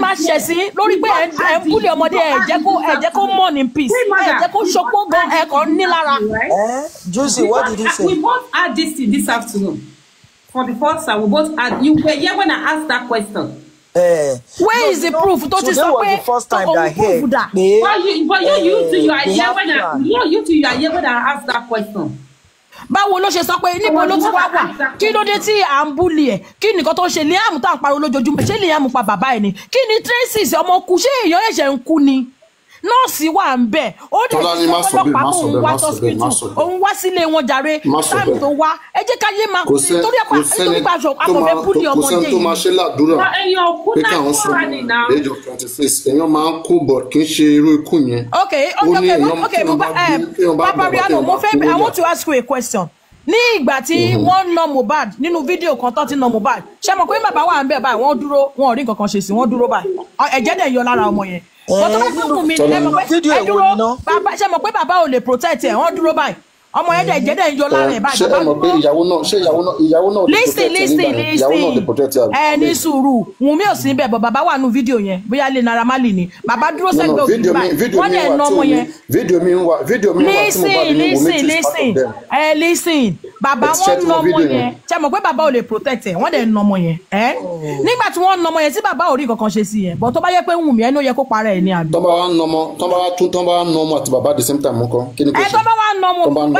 máa ṣẹ̀ sí lórí pé ẹ̀ ń búlé ọmọdé ẹ̀ jẹ́ kó ẹ̀ jẹ́ kó mourn in peace ẹ̀ jẹ́ kó ṣopó gan ẹ̀ kàn ní lára. Eh, Josie, what did you say? We both add this this afternoon for the first time we both add. you were here when I asked that question. Uh, where no, is the no, proof tó ti sọ pé òun proof da. but you but you you two you are eh, here when I you two you are here when I asked that question báwo ló ṣe sọ pé níbo ló ti wá wà kí ló dé tí à ń búlì ẹ kí nìkan tó ń ṣe Liam tá à ń pariwo lójoojúmọ́ ṣé Liam pa bàbá ẹ ni kí ni Tracy ọmọ kú ṣé èèyàn ẹ̀ṣẹ̀ ń kú ni nọ́ọ̀sì wà ń bẹ̀ ó dẹ̀ ní ọlọ́pàá mọ̀ òun wá hospital òun wá sílé wọn jàre táàmì tó wá ẹ jẹ́ káyé máa kó torí ẹ̀pà nítorí pàṣọ àtọ̀fẹ́ búdì ọmọ yẹn yìí. kò sẹ́ni tó máa ṣe ládùúrà pé káwọn sọ age máa ń kó bọ̀ kì í ṣe irú ikú yẹn. ok ok ok Babariano mo eh, fẹ́ I want to ask you a question ní ìgbà tí mhm. wọ́n ń nà Mohbad nínú fídíò kan tó ti nà Mohbad ṣé mo pé bàbá wà ń bẹ̀ báyìí wọ́n dúró wọn ò rí nǹkan kan ṣe sí wọ́n dúró báyìí ẹ̀jẹ̀ dẹ̀ yọ lára ọmọ yẹn bọ́tọ́ bá fún mi ẹ mọ̀ pé ẹ dúró bàbá ṣe mọ̀ pé bàbá ò lè protect ẹ̀ wọ́n dúró báyìí ọmọ yẹn dẹ̀ jẹ́ dẹ̀ ń yọ lára ẹ̀ báyìí. ṣé ẹ mọ̀ pé ìyàwó náà ṣé ìyàwó náà ìyàwó náà lè protect ẹ̀ nígbà yẹn ìyàwó náà lè protect ẹ̀. ẹ ní sùúrù Wùnmí ò sí níbẹ̀ bọ̀ bàbá wà nù fídíò yẹn bóyá lè Naira Marley ni bàbá dúró sẹ́gbẹ̀ẹ́ òkè báyìí wọ́n dẹ̀ nà ọmọ yẹn. fídíò mi wà fídíò mi wà tí mo bá bí Wùnmí ti start them. ẹ lísìn bàbá wọn nà ọmọ yẹn ṣe mọ̀ pé bàbá ò lè protect ẹ oh. nígbà tí the same time mú kọ́ kí ni nà ọmọ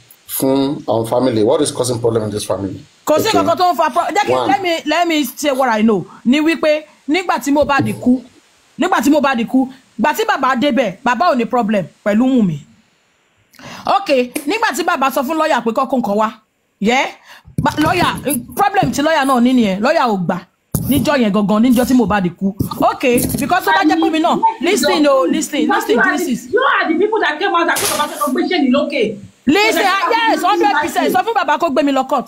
fún àwọn family what is causing problem in this family. kò sí kankan tó ń fa problem jẹ́ kí let me let me say what I know ni wípé nígbà tí Mohbad kú nígbà tí Mohbad kú gbà tí bàbá débẹ̀ bàbá ò ní problem pẹ̀lú Wùnmí ok nígbà tí bàbá sọ fún lọ́ọ̀yà pé kọ́kọ́ nǹkan wá yẹ lọ́ọ̀yà problem tí lọ́ọ̀yà náà ní nìyẹn lọ́ọ̀yà ò gbà níjọ́ yẹn gangan níjọ́ tí Mohbad kú ok because tó bá jẹ́ pé mi náà lis ten o lis ten lis ten to you are the people that came out that talk about it on gbèsè ní lókè. Ah, listen yes hundred percent sọ fún bàbá kó gbé mi lọ court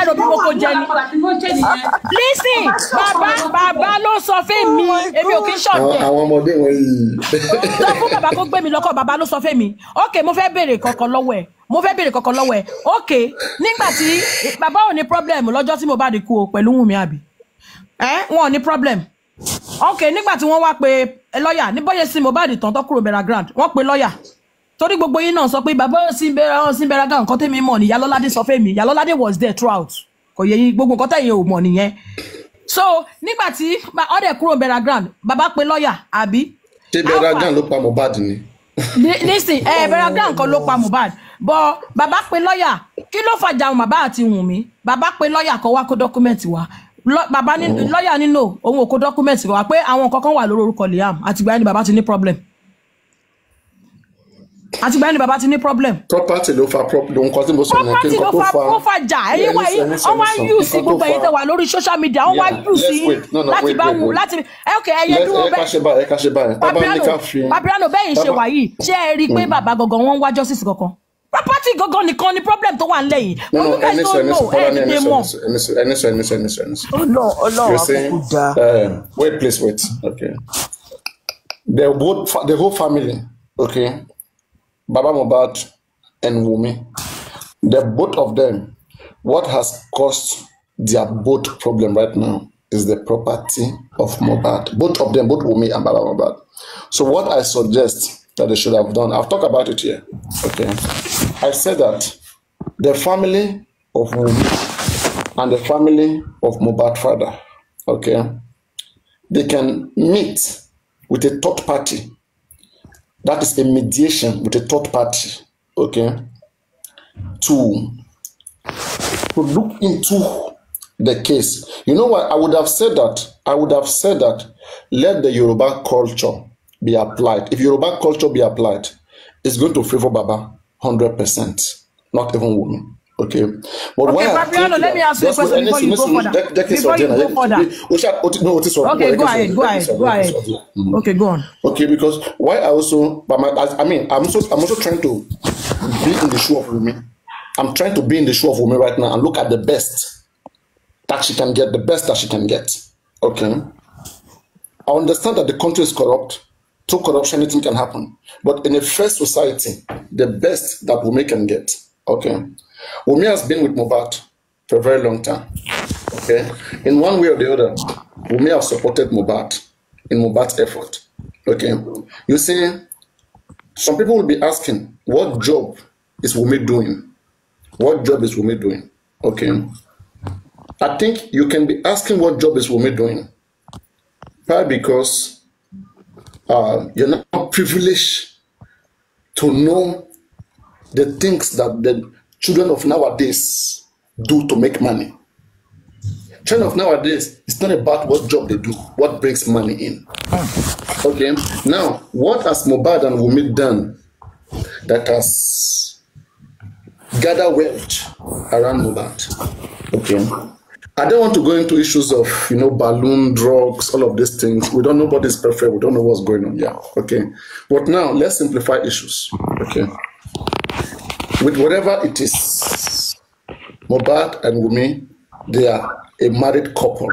ẹrọ bí mo kò jẹ ni listen bàbá bàbá ló sọ fún mi oh èmi ò kí ń ṣọ̀tẹ̀ àwọn ọmọdé wọn yìí sọ fún bàbá kó gbé mi lọ́kọ̀ bàbá ló sọ fún mi ok mo fẹ́ béèrè kankan lọ́wọ́ ẹ̀ mo fẹ́ problem lọ́jọ́ tí mo bá di kú o pẹ̀lú Wùnmí àbí ẹ wọn ò ní problem ok nígbà tí wọ́n wá pe lọ́ọ̀yà ní bóyá sí Mohbad tán tó kúrò Meragrand wọ́n pe lọ́ọ̀yà torí gbogbo yín náà sọ pé bàbá Ọ̀sìnbẹ́ra Ọ̀sìnbẹ́ra gan nǹkan tẹ́mi mọ̀ ní Yálọ́ládé sọ fẹ́mi Yálọ́ládé was there throughout kò yẹ yín gbogbo nǹkan tẹ̀yìn ò mọ̀ nìyẹn so nígbà tí ọ̀dẹ̀ kúrò bẹ̀rẹ̀ grand bàbá pe lọ́ọ̀yà àbí. ṣé bẹ̀rẹ̀ grand ló pa Mohbad ni. nísìn ẹ bẹ̀rẹ̀ grand kan ló pa Mohbad bọ bàbá pe lọ́ọ̀yà kí ló fàjà àwọn bàbá àti Wùnmí bàbá pe lọ́ọ̀yà kan wá kó dọ́kúmẹ̀ntì wá bàbá oh. lọ́ọ̀yà nínú òun ò kó dọ́kúmẹ̀ntì wá pé àwọn nǹkan kan wà lórí orúkọ Liam àtìgbà yẹn ni bàbá ti ní problem àti gbẹ́ni bàbá ti ní problem. property ló fa problem nǹkan tí mo sọ yẹn kí n kọ́ tó fa property ló fa jà ẹ̀yin wá yìí wọ́n wá ń use gbogbo ẹ̀yin tẹ́ wà lórí social media wọ́n wá ń use yìí láti bá wù láti eh, ok ẹ̀yẹ dúró bẹ́ẹ̀ papiano papiano bẹ́ẹ̀ ṣe wà yìí ṣé ẹ rí i pé mm. bàbá gangan wọ́n ń wá justice kankan property gangan nìkan ni problem tó wà ń lẹ́yìn wọ́n yóò fẹ́ tó lò ẹ̀ ní pé mọ́. ẹnisọ ẹnisọ ẹnisọ ẹnisọ. ọlọ ọlọ àkókò dáa. wait please wait okay the whole, the whole family okay Baba Mubat and Wumi, the both of them, what has caused their both problem right now is the property of Mubat. Both of them, both Wumi and Baba Mubad. So what I suggest that they should have done, I've talked about it here. Okay. I said that the family of Wumi and the family of Mubat father, okay, they can meet with a third party That is a mediation with a third party. Okay. To to look into the case. You know what? I would have said that. I would have said that. Let the Yoruba culture be applied. If Yoruba culture be applied, it's going to favor Baba hundred percent, not even women. Okay. But okay, Fabiano, let me ask you a question before you go further. before you go further. okay, go ahead, go ahead, go ahead. Mm-hmm. Okay, go on. Okay, because why I also, but my, I mean, I'm also, I'm also trying to be in the shoe of me. I'm trying to be in the shoe of me right now and look at the best that she can get, the best that she can get. Okay. I understand that the country is corrupt. Through corruption, anything can happen. But in a fair society, the best that women can get, okay, Wumi has been with Mubat for a very long time. Okay? In one way or the other, Wumi has supported Mubat in Mubat's effort. Okay? You see, some people will be asking, what job is Wumi doing? What job is Wumi doing? Okay? I think you can be asking what job is Wumi doing. Probably because uh, you're not privileged to know the things that the, children of nowadays do to make money. Children of nowadays, it's not about what job they do, what brings money in. Okay, now, what has Mubad and done that has gathered wealth around Mubad? Okay. I don't want to go into issues of you know balloon drugs, all of these things. We don't know what is perfect. We don't know what's going on. Yeah, okay. But now let's simplify issues. Okay with whatever it is. Mobad and Wumi, they are a married couple,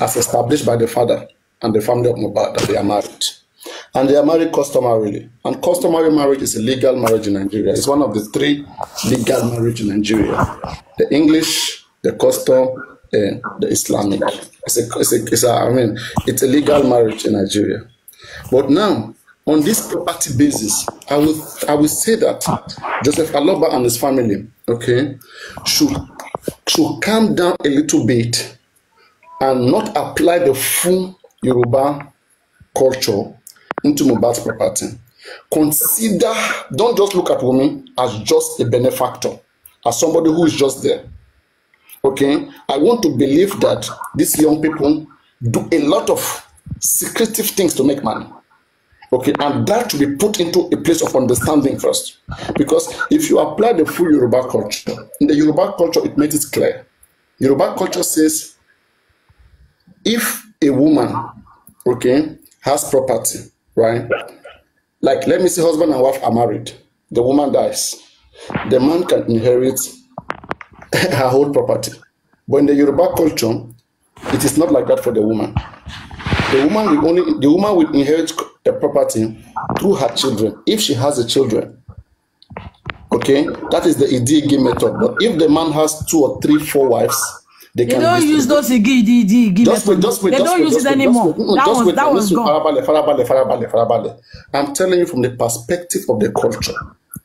as established by the father and the family of Mobad that they are married. And they are married customarily. And customary marriage is a legal marriage in Nigeria. It's one of the three legal marriage in Nigeria. The English, the custom, and the Islamic. It's a, it's a, it's a, I mean, it's a legal marriage in Nigeria. But now, on this property basis, I will I will say that Joseph Aloba and his family, okay, should should calm down a little bit and not apply the full Yoruba culture into Mohbad's property. Consider, don't just look at Wunmi as just a benefactor, as somebody who is just there. Okay, I want to believe that these young people do a lot of secretive things to make money. Okay, and that should be put into a place of understanding first. Because if you apply the full Yoruba culture, in the Yoruba culture, it makes it clear. Yoruba culture says if a woman, okay, has property, right? Like, let me say, husband and wife are married. The woman dies. The man can inherit [LAUGHS] her whole property. But in the Yoruba culture, it is not like that for the woman. The woman will only the woman will inherit property through her children if she has a children. Okay, that is the Idiigi method. But if the man has two or three, four wives, they, they don't use those igi igi igi just wait just wait they just don't wait, use just it wait, anymore mm, just wait, that just was wait, that was gone farabale farabale farabale farabale i'm telling you from the perspective of the culture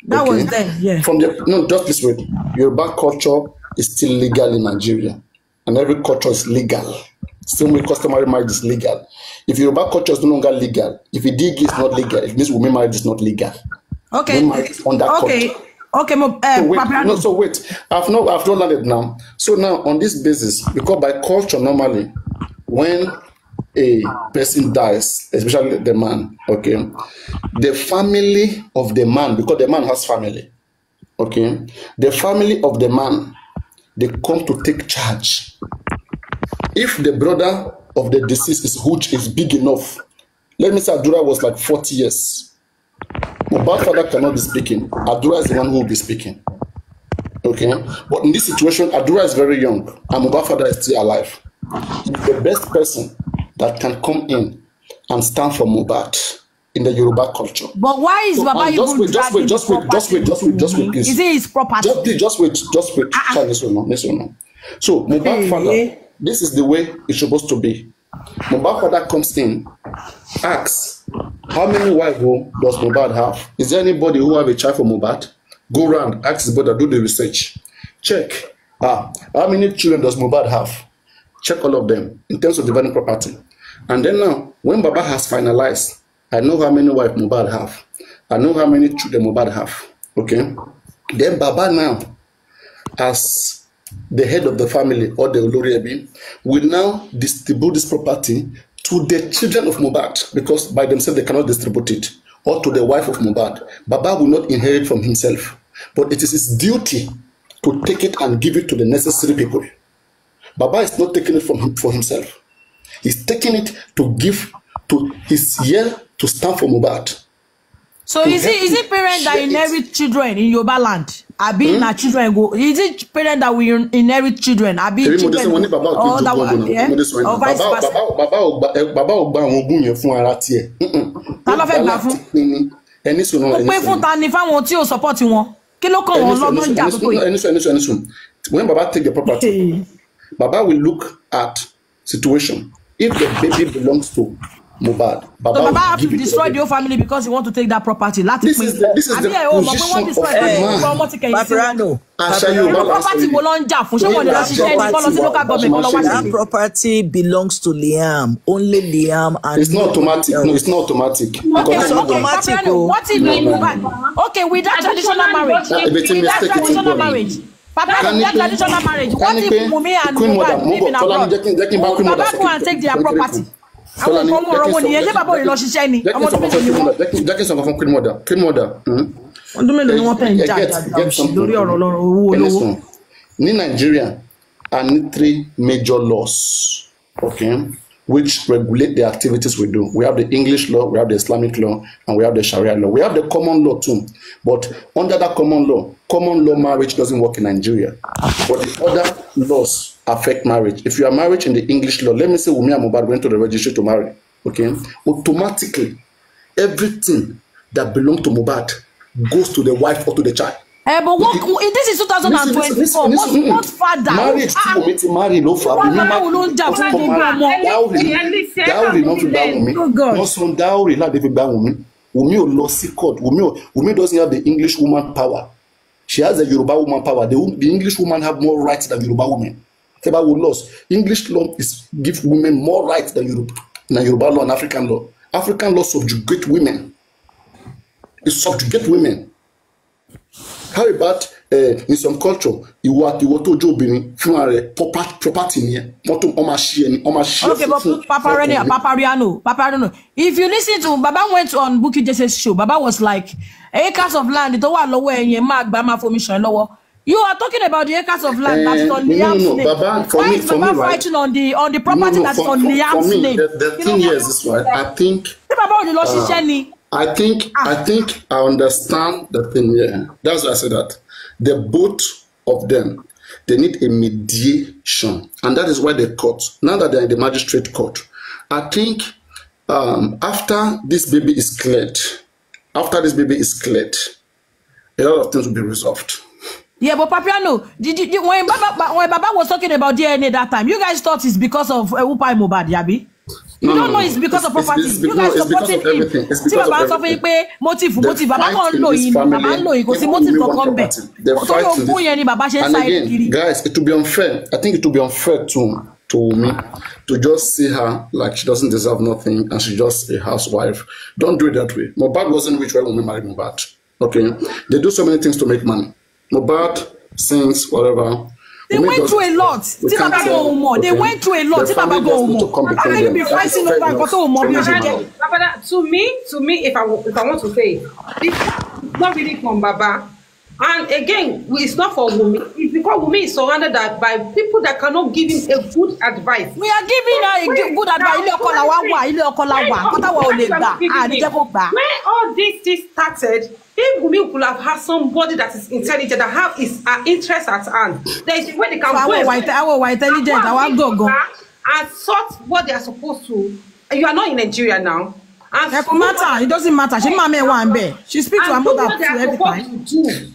that okay? was there yeah from the no just this way yoruba culture is still legal in nigeria and every culture is legal Same way customary marriage is legal. If Yoruba culture is no longer legal, if a dig is not legal, it means women marriage is not legal. Okay. Women marriage okay. Culture. Okay, uh, so wait, no, so wait. I've not, I've not landed now. So now, on this basis, because by culture, normally, when a person dies, especially the man, okay, the family of the man, because the man has family, okay, the family of the man, they come to take charge if the brother of the deceased is huge is big enough let me say Adura was like forty years Mohbad father cannot be speaking Adura is the one who will be speaking okay but in this situation Adura is very young and Mohbad father is still alive the best person that can come in and stand for Mohbad in the Yoruba culture. But why is so, Baba just even wait, just wait, just wait, just wait, just wait, just wait, please. Is it his property? Just, wait. just wait, just wait. Ah. This one, this one. So Mohbad father this is the way it's supposed to be. Mohbad father comes in, asks, how many wives does Mohbad have? Is there anybody who have a child for Mohbad? Go round, ask his brother, do the research. Check, ah, how many children does Mohbad have? Check all of them in terms of dividing property. And then now, when Baba has finalized, I know how many wives Mohbad have. I know how many children Mohbad have. Okay? Then Baba now, as the head of the family or the olórí will now distribute this property to the children of Mohbad because by themselves they cannot distribute it or to the wife of Mohbad baba will not inherit from himself but it is his duty to take it and give it to the necessary people baba is not taking it from him for himself he's taking it to give to his year to stand for Mohbad. so is it is it parents that inherit it. children in Yoruba land abi hmm? na children go is it parent that will inherit children abi children go all oh, that one or vice versa. Eh, bàbá ò gba àwọn ogún yẹn fún ara tiẹ̀. ta ló fẹ́ gbà fún ẹni sùn náà ẹni sùn. ó pé fún ta ni fáwọn tí ò support wọn kí ló kàn wọ́n lọ́gbọ́n jà tó yìí. ẹni sùn ẹni sùn ẹni sùn when baba take the property [LAUGHS] baba will look at situation if the baby belongs to Mohbad. Baba, so Baba have to destroy the whole family because he want to take that property. Láti pín. This is the position of a man. Babrano. Aṣayo Baba property wo ló ń jà fún? Ṣé wọ́n lè lọ ṣiṣẹ́ ní kọ́ lọ sí local government kọ́ lọ wá That property belongs to Liam. Only Liam and. It's not automatic. No, it's not automatic. Okay, so okay, Babrano, oh. what if Mohbad? Okay, with that traditional marriage. With that traditional marriage. Papa can get traditional marriage. What if Wunmi and Mohbad live in abroad? Baba go and take their property àwọn nǹkan wọn ọ̀rọ̀ wo nìyẹn ṣé bàbá òye lọ ṣiṣẹ́ ni ọmọ tó méjì ni wọn. jẹ́kí sọ̀kan fún kírímọ̀dà kírímọ̀dà. Hmm? ọdún mélòó ni wọ́n fẹ́ ń jà àjàgbà òṣì lórí ọ̀rọ̀ owó olówó. ní Nigeria I need three major laws okay, which regulate the activities we do we have the English law we have the Islamic law and we have the Sharia law we have the common law too but under that common law common law marriage doesn't work in Nigeria but the other laws affect marriage. If you are married in the English law, let me say Wunmi and Mohbad went to the registry to marry. Okay, automatically everything that belongs to Mohbad goes to the wife or to the child. Hey, eh, but what it, this is 2024 what what father marriage tí omi ah, ti marry ló fa omi ma ọtún ma dowry dowry náà fi gbà Wunmi oh wọ́n san dowry láti fi gbà Wunmi Wunmi ò lọ the court Wunmi ò doesn't have the English woman power she has the Yoruba woman power the, the English woman have more rights than Yoruba women tẹ́ bá wo laws English law is give women more rights than Europe than Yoruba law and African law African law subjugate women it subjugate women how about uh, in some culture ìwọ àti ìwọ tó jó obìnrin fúnra rẹ̀ property nìyẹn wọn tó wọn máa ṣí ẹni wọn máa ṣí ẹ fún fún papariano papariano papariano if you listen to baba went on Bukky Jese's show baba was like acres of land tó wà lọ́wọ́ ẹ̀yẹn máa gbà máa fomi ṣàn lọ́wọ́. You are talking about the acres of land uh, that's eh, on Liam's no, no, name. Baba, for Why me, is Baba me, fighting on the on the property no, no, that's for, on Liam's for me, name? The, the thing is, is right. I think. Uh, I think ah. I think I understand the thing here. Yeah. That's why I said that. The both of them, they need a mediation, and that is why the court. Now that they're in the magistrate court, I think um, after this baby is cleared, after this baby is cleared, a lot of things will be resolved. Yeah, but Papiano, did you, when Baba when Baba was talking about DNA that time, you guys thought it's because of uh, Upai Mobad, Yabi. You no, don't know it's because it's, of property. It's, it's you guys supporting him. See, Baba sọ fún motive motive bàbá kan ń lò yín ni bàbá ń motive for come back. So you ni bàbá ṣe ń sa ìlú kiri. Guys, it will be unfair. I think it will be unfair to to me to just see her like she doesn't deserve nothing and she's just a housewife. Don't do it that way. Mobad wasn't rich when we married Mobad. Okay? They do so many things to make money. No bad sings whatever. They went through a lot. Tí bàbá gbọ́ ohun mọ̀. They went through a lot. Tí bàbá gbọ́ ohun mọ̀. How can you be fighting over nǹkan tó mọ̀ bí o ṣe jẹ́? Bàbá to me to me if I, if I want to say it, this is not really from Baba. And again, it's not for Wumi. It's because Wumi is surrounded by people that cannot give him a good advice. We are giving her a good, good advice. Ilé ọkọ la wá wà, ilé ọkọ la wa ò lè gbà, àdìjẹ́ kò When all this thing started, if Wumi could have had somebody that is intelligent, that have his uh, interest at hand, there is a way they can so go. Àwọn wà intelligent, àwọn gọ̀gàn. And sort what they are supposed to. You are not in Nigeria now ẹ matter it doesn't matter She oh, màmá one wà she speak to her mother to every time.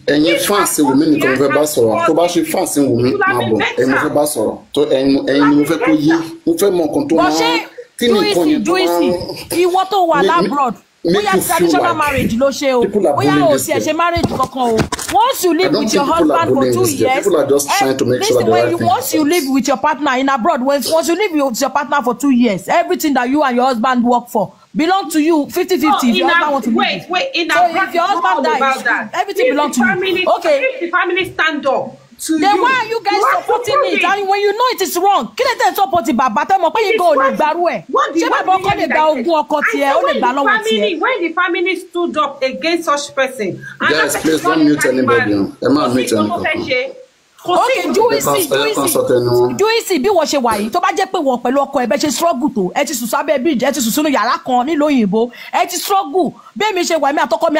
ẹ̀yin fans wùmí nìkan to fẹ́ bá sọ̀rọ̀ tó bá ṣe fans wùmí máa bọ̀ to mo fẹ́ bá sọ̀rọ̀ tó ẹ̀yin ni mo fẹ́ kó yé mo fẹ́ mọ nǹkan to máa kí ni nǹkan yẹn tó máa ìwọ tó wà lábúrọ̀d bóyá traditional marriage ló ṣe o bóyá o sì ẹ̀ ṣe marriage kankan o once you live with your husband for two years eh, listen when you once you live with your partner in abroad once you live with your partner for two years everything that you and your husband work for belong to you fifty fifty oh, if your husband want to leave you so if your husband die everything belong to you okay if the family stand up to then you. why are you guys you supporting it I and mean, when you know it is wrong kí lè tẹ̀ support bàbá tẹ́ mọ̀ pé yín gan ò lè gbarú ẹ̀ ṣé bàbá ọkọ lè gba ogún ọkọ tiẹ̀ ó lè gbà lọ́wọ́ tiẹ̀. when the family stood up against such person. guys please don't mute anybody ẹ máa mute anybody kò sí juisi juisi juisi bí wọ́n ṣe wà yìí tó bá jẹ́ pé wọ́n pẹ̀lú ọkọ ẹ̀ bẹ́ẹ̀ ṣe struggle tó ẹ ti sùn sábẹ́ bíríjì ẹ ti sùn sínú yàrá kan nílùú òyìnbó ẹ ti struggle bí èmi ṣe wà mí àtọkọ mi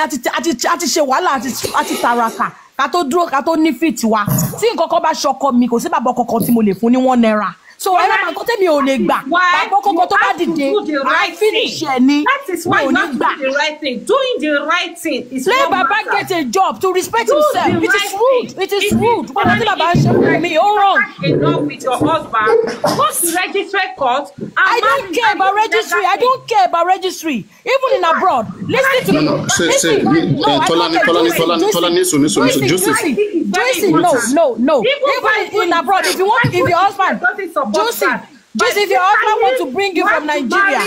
àti ṣe wàhálà àti tàràkà ká tó dúró ká tó ní fìtì wa tí nǹkan kan bá ṣọkọ mi kò sí bàbá ọkọ kan tí mo lè fún ní wọ́n náírà so ẹ máa kọ́ tẹ́mi ò lè gbà pàpọ̀ kókó tó bá dìde i finish ẹ̀ ni mi ò ní gbà. doing the right thing is let baba get a job to respect Do himself it right is rude it is rude wọn kọ́ tí baba ń ṣe fún mi ó wrong. enough with your husband go to registry court. i don't care about registry i don't care about registry even in abroad lis ten to me lis ten to me no eh, i don't care do it do it do it no no no even in abroad if you want if your husband. Joseph, Joseph, if your husband want to bring you from Nigeria,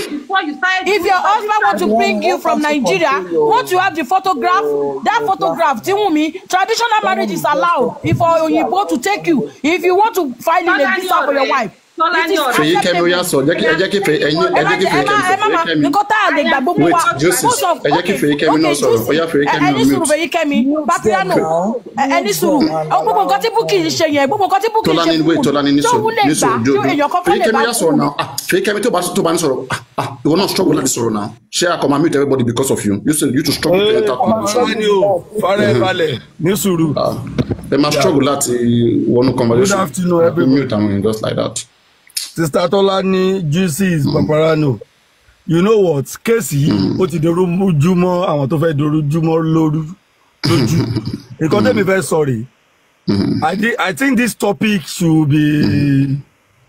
if your husband want to bring you from Nigeria, want you have the photograph, oh, that photograph, Tell me, traditional marriage is allowed if Oyinbo to take you. If you want to find a visa for your wife, tọ́lá ní ọ̀rọ̀. fèyí kẹ́mi ó yà sọ ẹ jẹ́ kí fèyí kẹ́mi ẹ jẹ́ kí fèyí kẹ́mi sọ fèyí kẹ́mi. wait. tá a lè gbà gbogbo wa most of ẹ jẹ́ kí fèyí kẹ́mi náà sọ̀rọ̀ ó yà fèyí kẹ́mi náà mute. ẹni sùúrù fèyí kẹ́mi papiano ẹni sùúrù gbogbo nǹkan tí búkì ń ṣe yẹn gbogbo nǹkan tí búkì ń ṣe fún un tó wúlẹ̀ gbà tó èèyàn kan fọ́lẹ̀ bá fún un. fèyí kẹ́mi tó bá ní sọ̀rọ̀ ah, ah, ìwọ náà struggle láti sọ̀rọ̀ náà ṣé àkọ́mọ mute everybody because of you you say you to struggle to enter eh, conversation. ọ̀rọ̀ ni o fara ẹ̀ mm-hmm. balẹ̀ ní sùúrù. Ah, ẹ máa struggle láti wọnú conversation mute am just like that. Sister Tola ní juices hmm. paparano you know what kéèsì yìí hmm. ó ti dorújú mọ́ àwọn tó fẹ́ dorújú mọ́ lójú hmm. nǹkan tẹ́mi fẹ́ sọ rèé I think this topic should be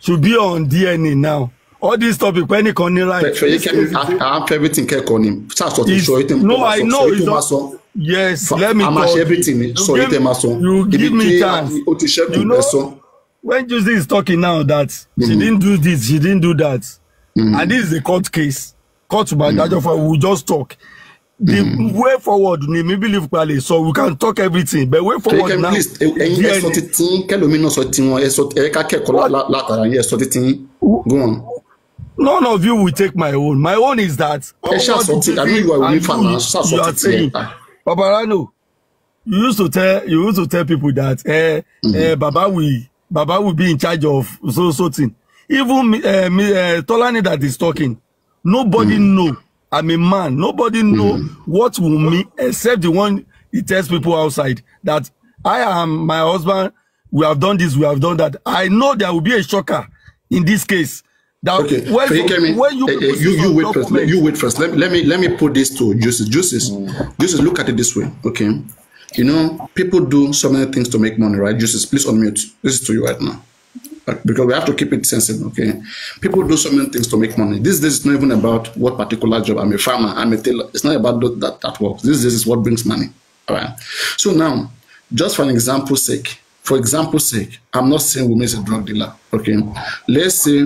should be on DNA now all these topics pẹ́ nìkan ní right. fẹyẹ kẹmi i everything kẹkọọ ni sàṣọ ti sọ ètò ìmọ̀ sọ ètò ìmọ̀ sọ yes let me talk you give me chance you know when Juicy is talking now that mm -hmm. she didn't do this, she didn't do that, mm -hmm. and this is a court case, court by mm -hmm. Dajofa, we will just talk. The mm way forward ni mi believe pale so we can talk everything but way forward now. ẹyin ẹsọ titin kẹlòmí náà sọ tiwọn ẹsọ ẹka kẹ́kọ̀ọ́ látara ẹyin ẹsọ titin go on. none of you will take my own my own is that. ẹ ṣàṣọ tí àbí ìwà ìwé fàmà ṣàṣọ titin ẹ̀ka. Babarano you used to tell you used to tell people that eh, mm -hmm. eh, Baba we Baba will be in charge of so so thing. Even uh, me, uh, Tolani that is talking, nobody mm. know. I'm a man. Nobody mm. know what will me except the one he tells people outside that I am my husband. We have done this. We have done that. I know there will be a shocker in this case. That okay, when, when you, uh, uh, you, you wait first. You wait first. Let, let me let me put this to juices. Juices, mm. juices. Look at it this way. Okay, You know, people do so many things to make money, right? Jesus, please unmute. This is to you right now. Because we have to keep it sensitive, okay? People do so many things to make money. This, this is not even about what particular job. I'm a farmer, I'm a tailor. It's not about that, that, works. work. This is what brings money, all right? So now, just for an example's sake, for example's sake, I'm not saying women is a drug dealer, okay? Let's say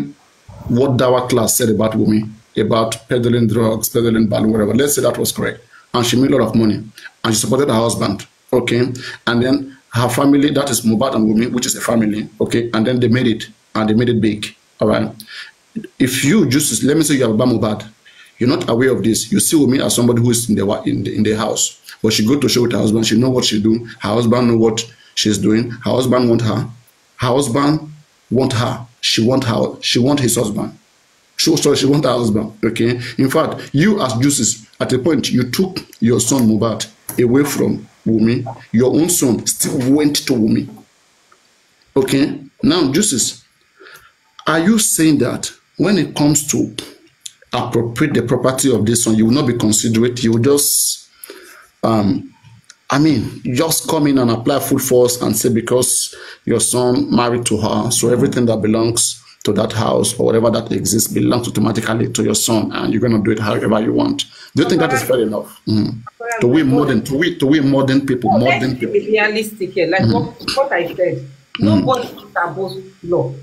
what Dawa class said about women, about peddling drugs, peddling balloon, whatever. Let's say that was correct. And she made a lot of money. And she supported her husband. okay, and then her family, that is Mubad and Wumi, which is a family, okay, and then they made it, and they made it big, all right. If you just, let me say you have Mubad, you're not aware of this, you see Wumi as somebody who is in the, in the, in the house, but she go to show with her husband, she know what she do, her husband know what she's doing, her husband want her, her husband want her, she want her, she want his husband. So, sorry, she want her husband, okay? In fact, you as Juices, at a point, you took your son Mubad away from Wumi, your own son, still went to Wumi. Okay? Now, Jesus, are you saying that when it comes to appropriate the property of this son, you will not be considerate? You will just, um, I mean, just come in and apply full force and say, because your son married to her, so everything that belongs to that house or whatever that exists belongs automatically to your son, and you're going to do it however you want. Do you think that is fair enough? Mm. to we modern to we to we modern people no, modern people. Be realistic here, like mm. what, what I said. Mm. Nobody mm. abhors law.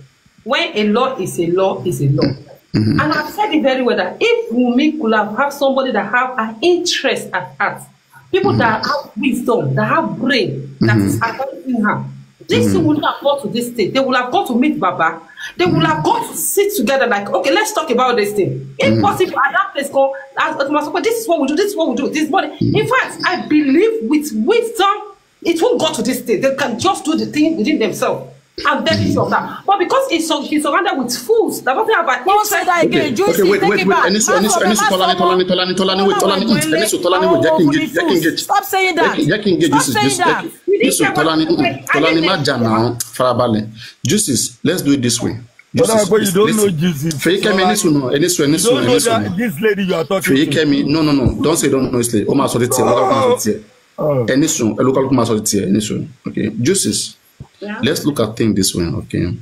When a law is a law is a law. mm And I've said it very well that if Wunmi could have, have somebody that have an interest at heart, people mm that have wisdom, that have brain, that mm is advising her, This mm. Mm-hmm. would have got to this state. They will have gone to meet Baba. They would have gone to sit together like, okay, let's talk about this thing. Mm-hmm. Impossible mm. at that place called Atmasopa. This is what we do. This is what we do. This body. Mm. Mm-hmm. In fact, I believe with wisdom, it won't go to this state. They can just do the thing within themselves. I'm very mm. sure of that. But because he's, he's surrounded with fools, that doesn't have an Don't say that again. Okay, Juicy, okay wait, wait, wait. Enisu, Enisu, Enisu, Tolani, Tolani, Tolani, Tolani, wait, Tolani, eat. Enisu, Tolani, wait, Jack engage, Jack engage. Stop saying that. Jack engage, Juicy, Juicy, Enisu, Tolani, Tolani, má jà náà, farabalẹ̀. Juicy, let's do it this way. Juicy, but you don't know Juicy. Feyikemi, Enisu, no, Enisu, Enisu, Enisu. You don't know this lady you are talking to. Feyikemi, no, no, no, don't say don't know this lady. Ó máa sọ ti tiẹ̀, ó máa sọ ti tiẹ̀. Oh. Enisu, ẹlòkàlùkù máa sọ ti tiẹ̀, Enisu. Okay, Juicy. Yeah. Let's look at things this way, okay?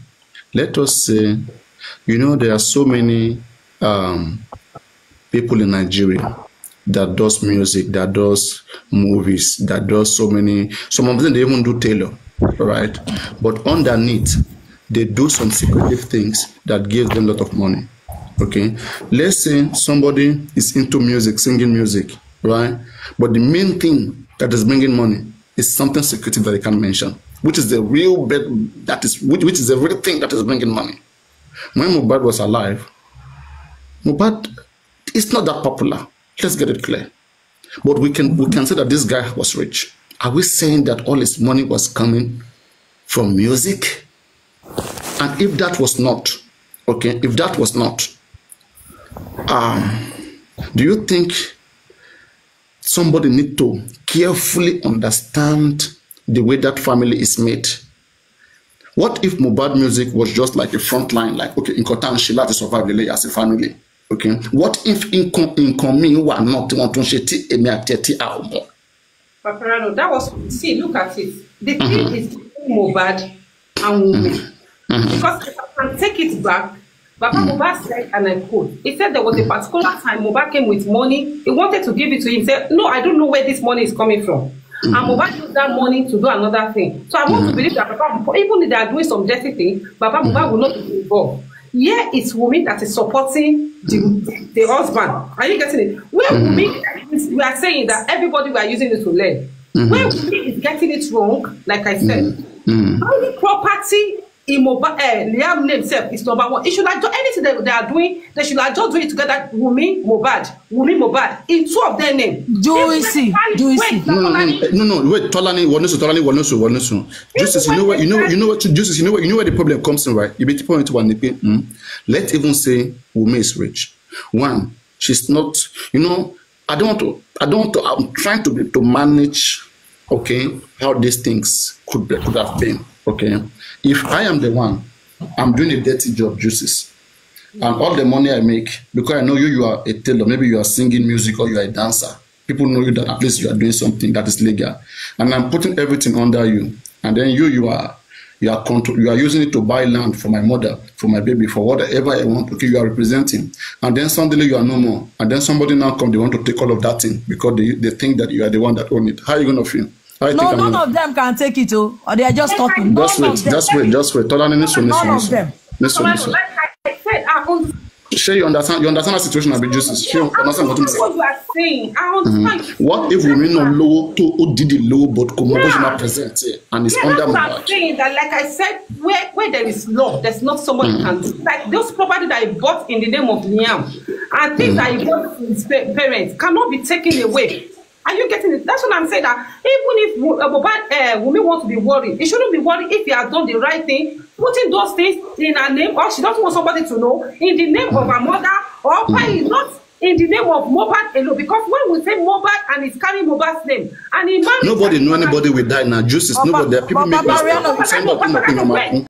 Let us say, you know, there are so many um, people in Nigeria that does music, that does movies, that does so many. Some of them they even do tailor, right? But underneath, they do some secretive things that give them a lot of money. Okay, let's say somebody is into music, singing music, right? But the main thing that is bringing money is something secretive that they can't mention which is the real bed that is which, which is the real thing that is bringing money. When Mubad was alive, Mubad is not that popular. Let's get it clear. But we can we can say that this guy was rich. Are we saying that all his money was coming from music? And if that was not, okay, if that was not, um, do you think somebody need to carefully understand the way that family is made. What if Mubad music was just like a front line, like, okay, nǹkan she à ń survive the as a family? Okay, what if nǹkan were not wà náà tí wọ́n tún ṣe tí èmi àti ẹ̀ that was, see, look at it. The thing mm -hmm. is Mubad and Wunmi. Mm -hmm. Mm-hmm. Because if I can take it back, Baba mm. Mm-hmm. Mohbad said, and I quote, he said there was a particular time Mubad came with money. He wanted to give it to him. He said, no, I don't know where this money is coming from. I'm And use that money to do another thing. So I want mm. to believe that Papa Mohbad, even if they are doing some dirty thing, Baba Mohbad mm. will not be involved. Here is Wunmi that is supporting the, mm. the husband. Are you getting it? Where mm. Wunmi, we are saying that everybody we are using this to learn. Mm-hmm. Where Wunmi is getting it wrong, like I said, mm. Mm. only property In Immobile, uh, Liam himself is number one. It should adjust anything that they are doing. They should adjust do it together. Wumi Mohbad, Wumi Mohbad. In two of their name. Joycey, Joycey. No, no, no, no. Wait, Tolani, Wonusu, Tolani, Wonusu, Wonusu. Justice, you know what? You know, you know what? Justice, you know what? You know where the problem comes in, right? You be point one. Mm? let even say Wumi is rich. One, she's not. You know, I don't. To, I don't. To, I'm trying to to manage. Okay, how these things could could have been. Okay If I am the one, I'm doing a dirty job, juices. And all the money I make, because I know you, you are a tailor, maybe you are singing music or you are a dancer. People know you that at least you are doing something that is legal. And I'm putting everything under you. And then you, you are you are control, you are using it to buy land for my mother, for my baby, for whatever I want. Okay, you are representing, and then suddenly you are no more, and then somebody now come, they want to take all of that thing because they, they think that you are the one that own it. How are you gonna feel? I no, none gonna... of them can take it, oh, or they are just talking. Just wait, just wait, just wait. Tolani, nisso, nisso, None of them. Nisso, nisso. Like I said, I understand. Sure, you understand. You understand the situation I've been just. you understand what I'm saying. What you are saying, I understand. Mm-hmm. What if women no low to who did the low, but Komodo is not present here and it's yeah, under my back. saying that, like I said, where where there is law, there's not someone mm mm-hmm. can do. Like those property that I bought in the name of Liam, and things mm that I bought from his parents cannot be taken away Are you getting it? That's what I'm saying. That even if uh, Mohbad uh, woman wants to be worried, it shouldn't be worried if you have done the right thing, putting those things in her name, or she doesn't want somebody to know in the name of her mother, or why is not in the name of Mohbad alone. Because when we say Mohbad and it's carrying Mohbad's name, and he nobody know anybody with that now. Juices, nobody. There are people making mistakes.